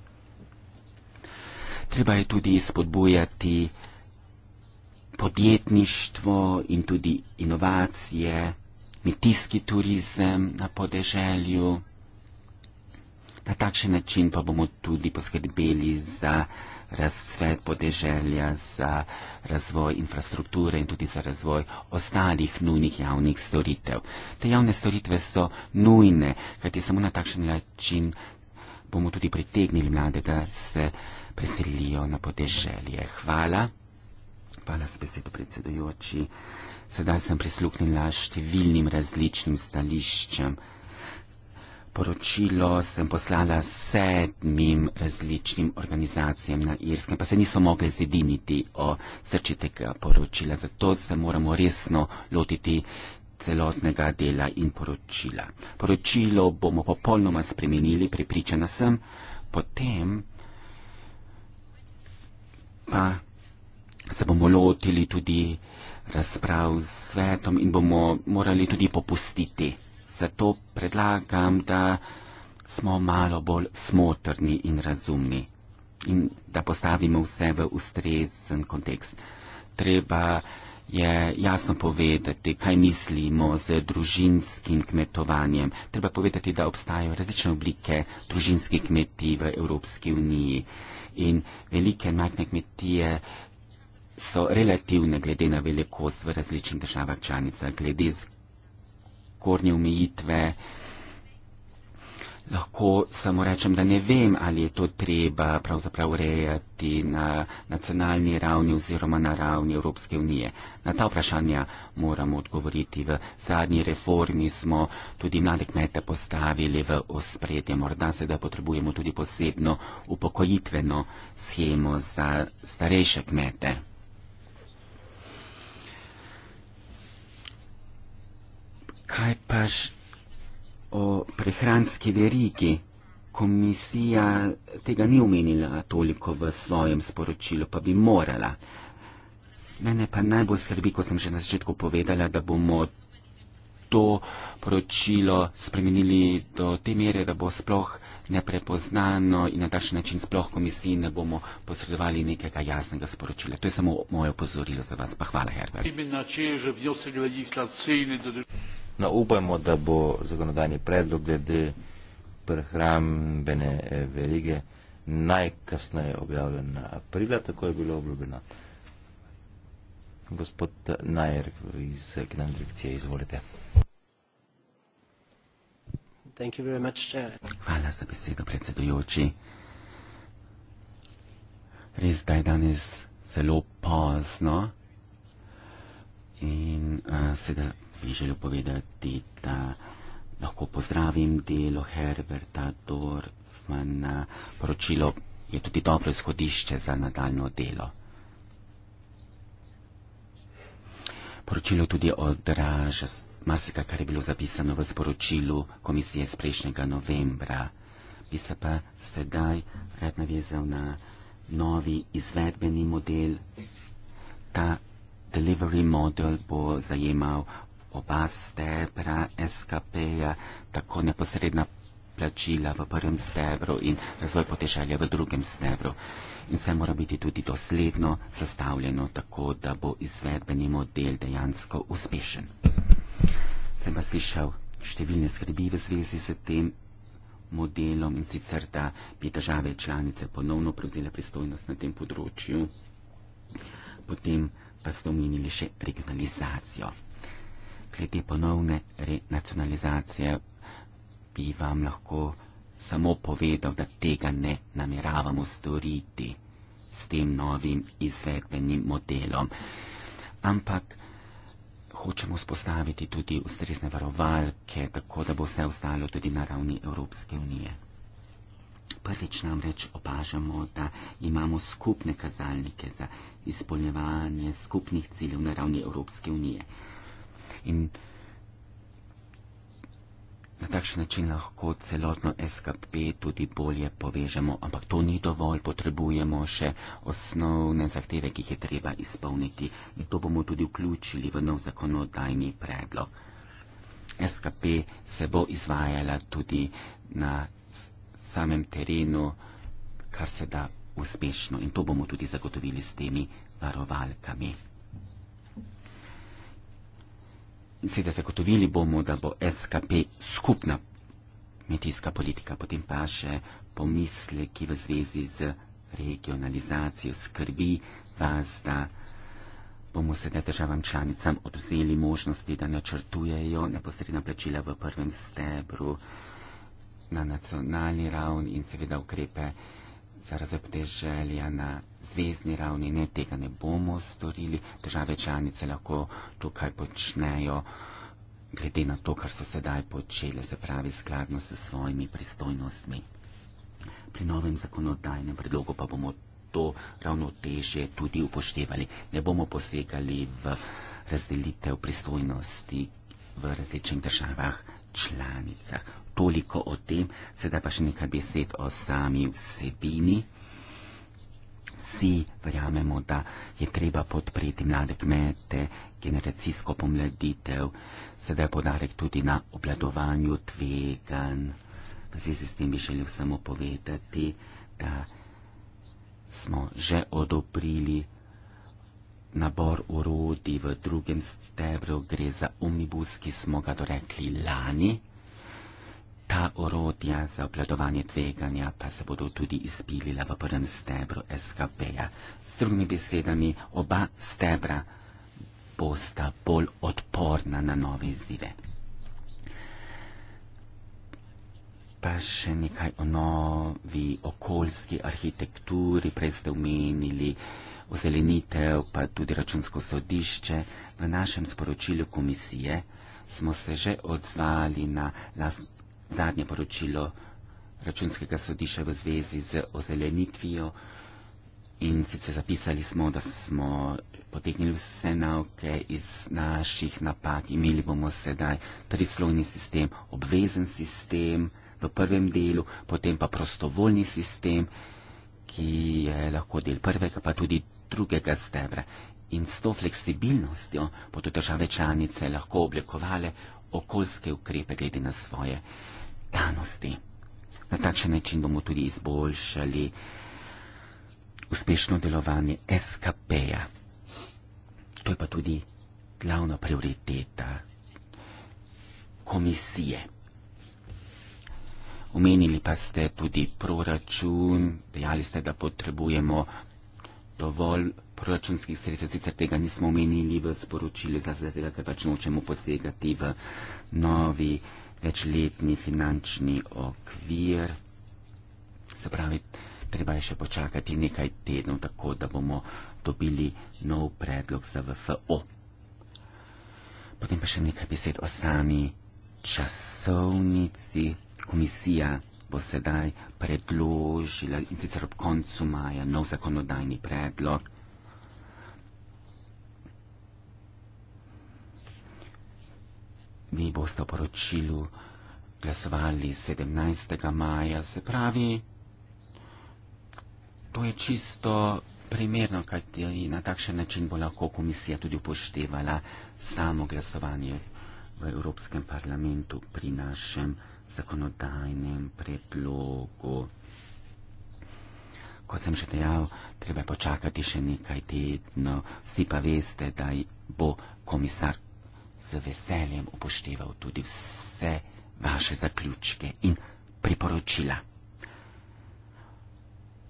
Treba je tudi spodbujati podjetništvo in tudi inovacije, kmetijski turizem na podeželju. Na takšen način pa bomo tudi poskrbeli za razcvet podeželja, za razvoj infrastrukture in tudi za razvoj ostalih nujnih javnih storitev. Te javne storitve so nujne, kajti samo na takšen način bomo tudi pritegnili mlade, da se preselijo na podeželje. Hvala. Hvala za besedo, predsedujoči sedaj sem prisluhnila številnim različnim stališčem. Poročilo sem poslala sedmim različnim organizacijam na Irskem, pa se niso mogli zediniti o srči tega eh, poročila, zato se moramo resno lotiti celotnega dela in poročila. Poročilo bomo popolnoma spremenili, prepričana sem, potem pa se bomo lotili tudi razprav z svetom in bomo morali tudi popustiti. Zato predlagam, da smo malo bolj smotrni in razumni in da postavimo vse v ustrezen kontekst. Treba je jasno povedati, kaj mislimo z družinskim kmetovanjem. Treba povedati, da obstajajo različne oblike družinskih kmetij v Evropski uniji in velike in majhne kmetije so relativne glede na velikost v različnih državah članicah, glede zgornje omejitve. Lahko samo rečem, da ne vem, ali je to treba pravzaprav urejati na nacionalni ravni oziroma na ravni Evropske unije. Na ta vprašanja moramo odgovoriti. V zadnji reformi smo tudi mlade kmete postavili v ospredje. Morda sedaj potrebujemo tudi posebno upokojitveno schemo za starejše kmete. Kaj paš o prehranski verigi? Komisija tega ni omenila toliko v svojem sporočilu, pa bi morala. Mene pa najbolj skrbi, ko sem že na začetku povedala, da bomo to poročilo spremenili do te mere, da bo sploh neprepoznano in na takšen način sploh komisiji ne bomo posredovali nekega jasnega sporočila. To je samo moje opozorilo za vas. Pa hvala, Herbert. No, upajmo, da bo zakonodajni predlog glede prehrambene eh, verige najkasneje objavljen na aprila, tako je bilo obljubljeno. Gospod Najer iz eh, Generalne direkcije, izvolite. Hvala za besedo, predsedujoči. Res da je danes zelo pozno in uh, seveda bi želel povedati, da lahko pozdravim delo Herberta Dorfmana. Poročilo je tudi dobro izhodišče za nadaljno delo. Poročilo tudi odraža marsika, kar je bilo zapisano v sporočilu komisije iz prejšnjega novembra. Bi se pa sedaj rad navezal na novi izvedbeni model. Ta delivery model bo zajemal oba stebra SKP-ja, tako neposredna plačila v prvem stebru in razvoj potešalja v drugem stebru. In vse mora biti tudi dosledno sestavljeno, tako da bo izvedbeni model dejansko uspešen sem pa slišal številne skrbi v zvezi s tem modelom in sicer, da bi države članice ponovno prevzele pristojnost na tem področju. Potem pa ste omenili še regionalizacijo. Glede ponovne renacionalizacije bi vam lahko samo povedal, da tega ne nameravamo storiti s tem novim izvedbenim modelom. Ampak hočemo spostaviti tudi ustrezne varovalke, tako da bo vse ostalo tudi na ravni Evropske unije. Prvič namreč opažamo, da imamo skupne kazalnike za izpolnjevanje skupnih ciljev na ravni Evropske unije. In Na takšen način lahko celotno SKP tudi bolje povežemo, ampak to ni dovolj, potrebujemo še osnovne zahteve, ki jih je treba izpolniti. In to bomo tudi vključili v nov zakonodajni predlog. SKP se bo izvajala tudi na samem terenu, kar se da uspešno in to bomo tudi zagotovili s temi varovalkami. Seveda zagotovili bomo, da bo SKP skupna kmetijska politika, potem pa še pomisleki v zvezi z regionalizacijo skrbi vas, da bomo sedaj državam članicam odvzeli možnosti, da načrtujejo neposredna plačila v prvem stebru na nacionalni ravni in seveda ukrepe zaradi podeželja na zvezdni ravni, ne tega ne bomo storili, države članice lahko tukaj počnejo glede na to, kar so sedaj počele, se pravi skladno s svojimi pristojnostmi. Pri novem zakonodajnem predlogu pa bomo to ravnotežje tudi upoštevali. Ne bomo posegali v razdelitev pristojnosti v različnih državah članicah toliko o tem, sedaj pa še nekaj besed o sami vsebini. Vsi verjamemo, da je treba podpreti mlade kmete, generacijsko pomladitev, sedaj je podarek tudi na obladovanju tvegan. V zvezi s tem bi želel samo povedati, da smo že odobrili nabor urodi v drugem stebru, gre za omnibus, ki smo ga dorekli lani ta orodja za obladovanje tveganja pa se bodo tudi izpilila v prvem stebru SKP-ja. S drugimi besedami, oba stebra bosta bolj odporna na nove izzive. Pa še nekaj o novi okoljski arhitekturi, prej ste omenili ozelenitev, pa tudi računsko sodišče. V našem sporočilu komisije smo se že odzvali na zadnje poročilo računskega sodišča v zvezi z ozelenitvijo. In sicer zapisali smo, da smo potegnili vse nauke iz naših napak. Imeli bomo sedaj trislovni sistem, obvezen sistem v prvem delu, potem pa prostovoljni sistem, ki je lahko del prvega, pa tudi drugega stebra. In s to fleksibilnostjo bodo države članice lahko oblikovale okoljske ukrepe glede na svoje danosti. Na takšen način bomo tudi izboljšali uspešno delovanje SKP-ja. To je pa tudi glavna prioriteta komisije. Omenili pa ste tudi proračun, dejali ste, da potrebujemo dovolj proračunskih sredstev, sicer tega nismo omenili v sporočilu, zato tega, ker pač nočemo posegati v novi uh, večletni finančni okvir. Se pravi, treba je še počakati nekaj tednov, tako da bomo dobili nov predlog za VFO. Potem pa še nekaj besed o sami časovnici. Komisija bo sedaj predložila in sicer ob koncu maja nov zakonodajni predlog. Mi boste o poročilu glasovali 17. maja, se pravi, to je čisto primerno, kajti na takšen način bo lahko komisija tudi upoštevala samo glasovanje v Evropskem parlamentu pri našem zakonodajnem predlogu. Kot sem že dejal, treba počakati še nekaj tedno. Vsi pa veste, da bo komisar z veseljem upošteval tudi vse vaše zaključke in priporočila.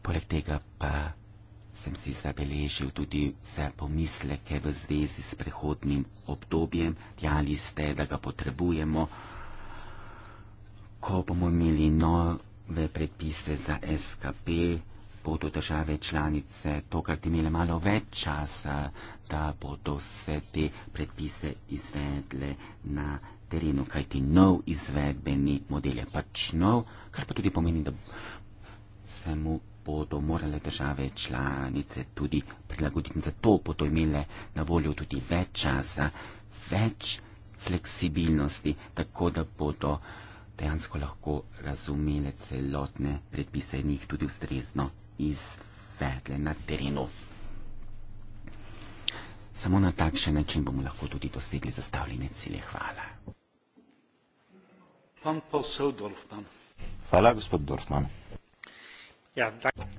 Poleg tega pa sem si zabeležil tudi vse pomisleke v zvezi s prehodnim obdobjem, dejali ste, da ga potrebujemo, ko bomo imeli nove predpise za SKP, bodo države članice tokrat imele malo več časa, da bodo vse te predpise izvedle na terenu, kajti nov izvedbeni model je pač nov, kar pa tudi pomeni, da se mu bodo morale države članice tudi prilagoditi in zato bodo imele na voljo tudi več časa, več fleksibilnosti, tako da bodo dejansko lahko razumele celotne predpise in jih tudi ustrezno izvedle na terenu. Samo na takšen način bomo lahko tudi dosegli zastavljene cilje. Hvala. Hvala, gospod Dorfman. Ja,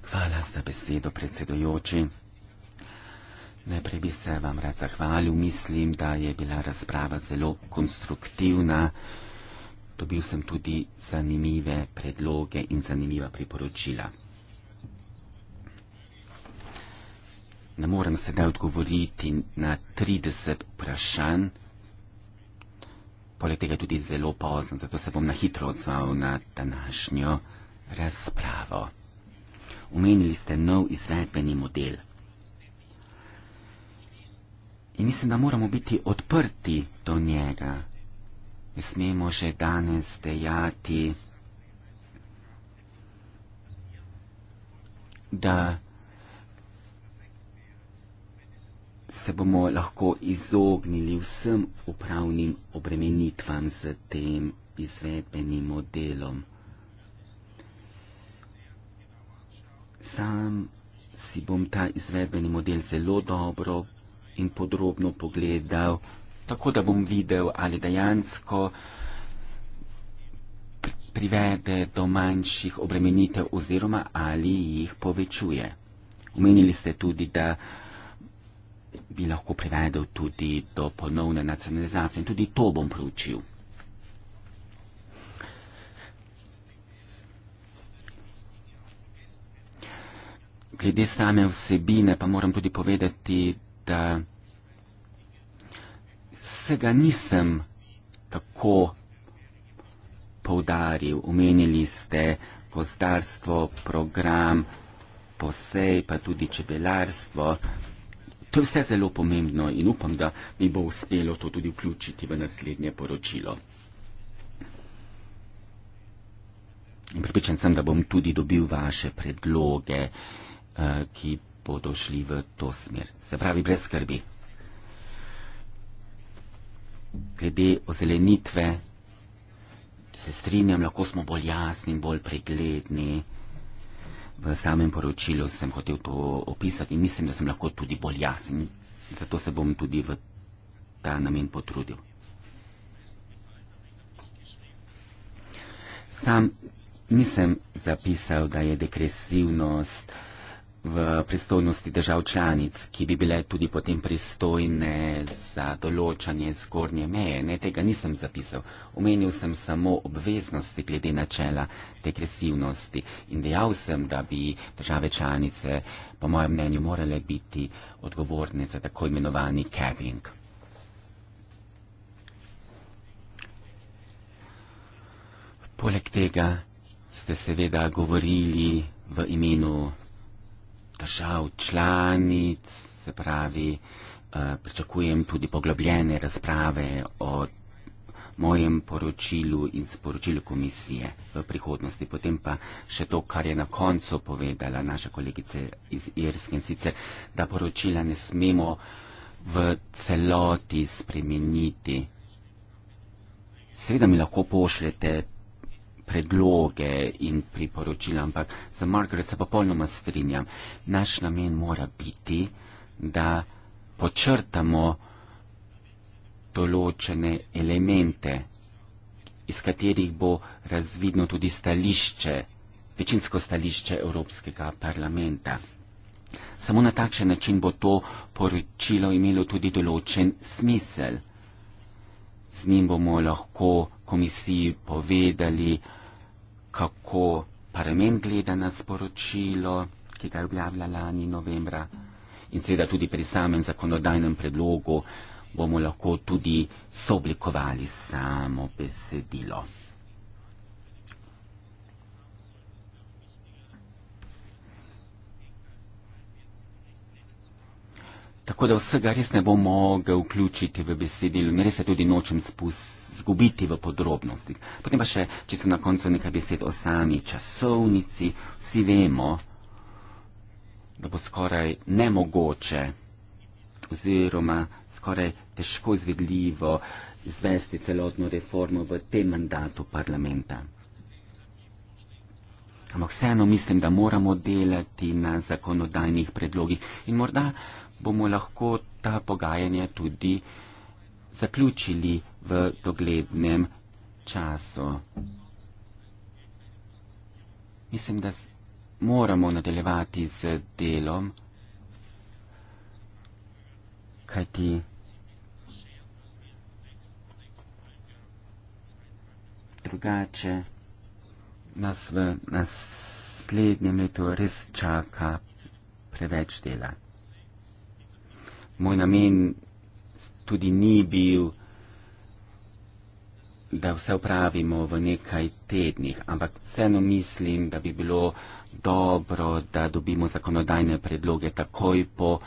Hvala za besedo, predsedojoči. Najprej bi se vam rad zahvalil. Mislim, da je bila razprava zelo konstruktivna. Dobil sem tudi zanimive predloge in zanimiva priporočila. ne morem sedaj odgovoriti na 30 vprašanj. Poleg tega tudi zelo pozno, zato se bom na hitro odzval na današnjo razpravo. Umenili ste nov izvedbeni model. In mislim, da moramo biti odprti do njega. Ne smemo že danes dejati, da se bomo lahko izognili vsem upravnim obremenitvam z tem izvedbenim modelom. Sam si bom ta izvedbeni model zelo dobro in podrobno pogledal, tako da bom videl, ali dejansko privede do manjših obremenitev oziroma ali jih povečuje. Omenili ste tudi, da bi lahko privedel tudi do ponovne nacionalizacije in tudi to bom preučil. Glede same vsebine pa moram tudi povedati, da se ga nisem tako poudaril. Omenili ste gozdarstvo, program, posej, pa tudi čebelarstvo. To je vse zelo pomembno in upam, da mi bo uspelo to tudi vključiti v naslednje poročilo. Pripričan sem, da bom tudi dobil vaše predloge, eh, ki bodo šli v to smer. Se pravi, brez skrbi. Glede ozelenitve, se strinjam, lahko smo bolj jasni in bolj pregledni v samem poročilu sem hotel to opisati in mislim, da sem lahko tudi bolj jasen. Zato se bom tudi v ta namen potrudil. Sam nisem zapisal, da je depresivnost v pristojnosti držav članic, ki bi bile tudi potem pristojne za določanje zgornje meje. Ne, tega nisem zapisal. Omenil sem samo obveznosti glede načela degresivnosti in dejal sem, da bi države članice, po mojem mnenju, morale biti odgovorne za tako imenovani capping. Poleg tega ste seveda govorili v imenu držav članic, se pravi, eh, pričakujem tudi poglobljene razprave o mojem poročilu in sporočilu komisije v prihodnosti. Potem pa še to, kar je na koncu povedala naša kolegica iz Irske in sicer, da poročila ne smemo v celoti spremeniti. Seveda mi lahko pošljete predloge in priporočila, ampak za Margaret se popolnoma strinjam. Naš namen mora biti, da počrtamo določene elemente, iz katerih bo razvidno tudi stališče, večinsko stališče Evropskega parlamenta. Samo na takšen način bo to poročilo imelo tudi določen smisel. Z njim bomo lahko komisiji povedali, kako parlament gleda na sporočilo, ki ga je objavila lani novembra. In seveda tudi pri samem zakonodajnem predlogu bomo lahko tudi sooblikovali samo besedilo. Tako da vsega res ne bom mogel vključiti v besedilo in res se tudi nočem spustiti izgubiti v podrobnostih. Potem pa še, če so na koncu nekaj besed o sami časovnici, vsi vemo, da bo skoraj nemogoče oziroma skoraj težko izvedljivo izvesti celotno reformo v tem mandatu parlamenta. Ampak vseeno mislim, da moramo delati na zakonodajnih predlogih in morda bomo lahko ta pogajanja tudi zaključili v doglednem času. Mislim, da moramo nadaljevati z delom, kajti drugače nas v naslednjem letu res čaka preveč dela. Moj namen tudi ni bil, da vse upravimo v nekaj tednih, ampak vseeno mislim, da bi bilo dobro, da dobimo zakonodajne predloge takoj po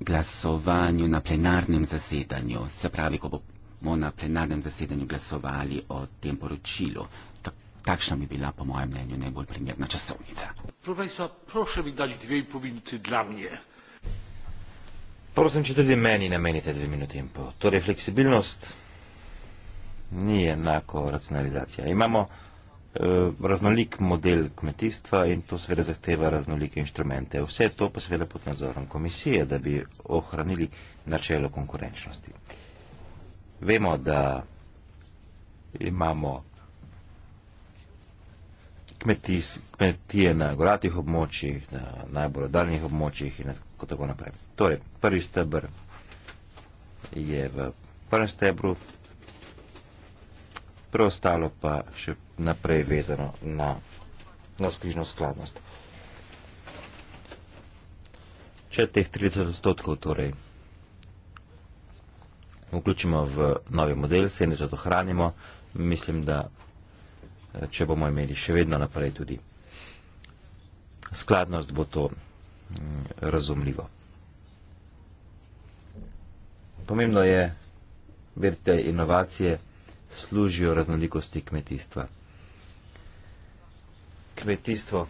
glasovanju na plenarnem zasedanju. Se pravi, ko bomo na plenarnem zasedanju glasovali o tem poročilu. Takšna bi bila, po mojem mnenju, najbolj primerna časovnica. Prosim, če tudi meni namenite dve minuti in pol. Torej, fleksibilnost ni enako racionalizacija. Imamo uh, raznolik model kmetijstva in to seveda zahteva raznolike inštrumente. Vse to pa seveda pod nadzorom komisije, da bi ohranili načelo konkurenčnosti. Vemo, da imamo kmetis, kmetije na goratih območjih, na najbolj oddaljenih območjih in tako naprej. Torej, prvi stebr je v prvem stebru, preostalo pa še naprej vezano na, na skrižno skladnost. Če teh 30 odstotkov torej vključimo v novi model, se ne zato hranimo, mislim, da eh, če bomo imeli še vedno naprej tudi skladnost, bo to mm, razumljivo. Pomembno je, verite, inovacije služijo raznolikosti kmetijstva. Kmetijstvo,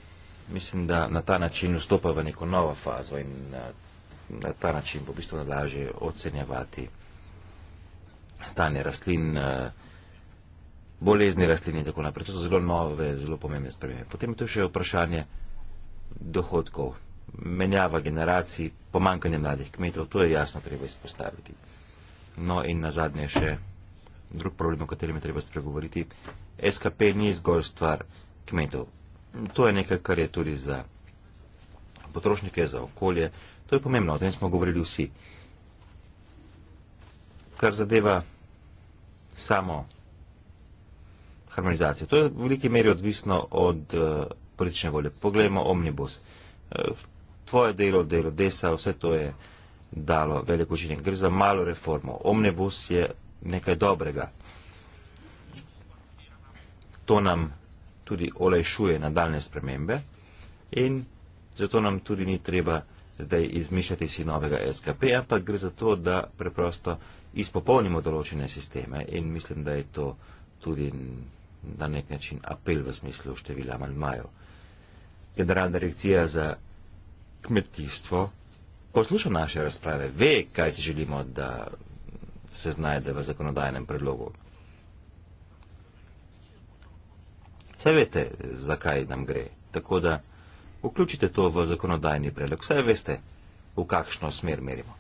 mislim, da na ta način vstopa v neko novo fazo in na, eh, na ta način bo v bistvu lažje ocenjevati stanje rastlin, eh, bolezni rastlin in tako naprej. To so zelo nove, zelo pomembne spremembe. Potem je tu še vprašanje dohodkov, menjava generacij, pomankanje mladih kmetov, to je jasno treba izpostaviti. No in na zadnje še drug problem, o katerem je treba spregovoriti. SKP ni zgolj stvar kmetov. To je nekaj, kar je tudi za potrošnike, za okolje. To je pomembno, o tem smo govorili vsi. Kar zadeva samo harmonizacijo. To je v veliki meri odvisno od uh, politične volje. Poglejmo omnibus. Uh, tvoje delo, delo desa, vse to je dalo veliko učinek. Gre za malo reformo. Omnibus je nekaj dobrega. To nam tudi olajšuje nadaljne spremembe in zato nam tudi ni treba zdaj izmišljati si novega SKP, ampak gre za to, da preprosto izpopolnimo določene sisteme in mislim, da je to tudi na nek način apel v smislu števila manjmajev. Generalna direkcija za kmetijstvo posluša naše razprave, ve, kaj si želimo, da se znajde v zakonodajnem predlogu. Vse veste, zakaj nam gre. Tako da vključite to v zakonodajni predlog. Vse veste, v kakšno smer merimo.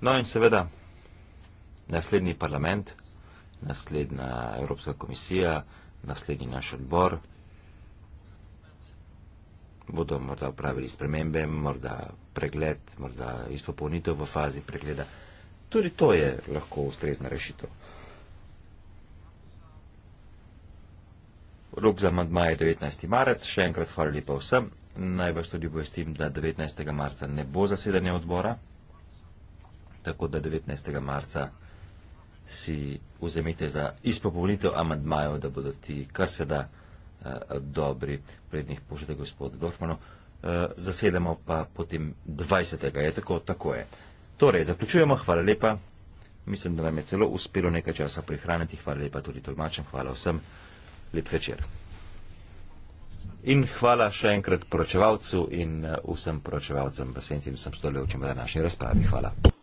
No in seveda, naslednji parlament, naslednja Evropska komisija, naslednji naš odbor bodo morda upravili spremembe, morda pregled, morda izpopolnitev v fazi pregleda. Tudi to je lahko ustrezna rešitev. Rok za mandma je 19. marec, še enkrat hvala lepa vsem. Naj vas tudi obvestim, da 19. marca ne bo zasedanje odbora, tako da 19. marca si vzemite za izpopolnitev amandmajev, da bodo ti kar se da eh, dobri prednjih pošte gospod Dorfmanov. Eh, zasedamo pa potem 20. je tako, tako je. Torej, zaključujemo, hvala lepa. Mislim, da nam je celo uspelo nekaj časa prihraniti. Hvala lepa tudi tolmačem, hvala vsem. Lep večer. In hvala še enkrat poročevalcu in eh, vsem poročevalcem v senci in vsem stolevčem v današnji razpravi. Hvala.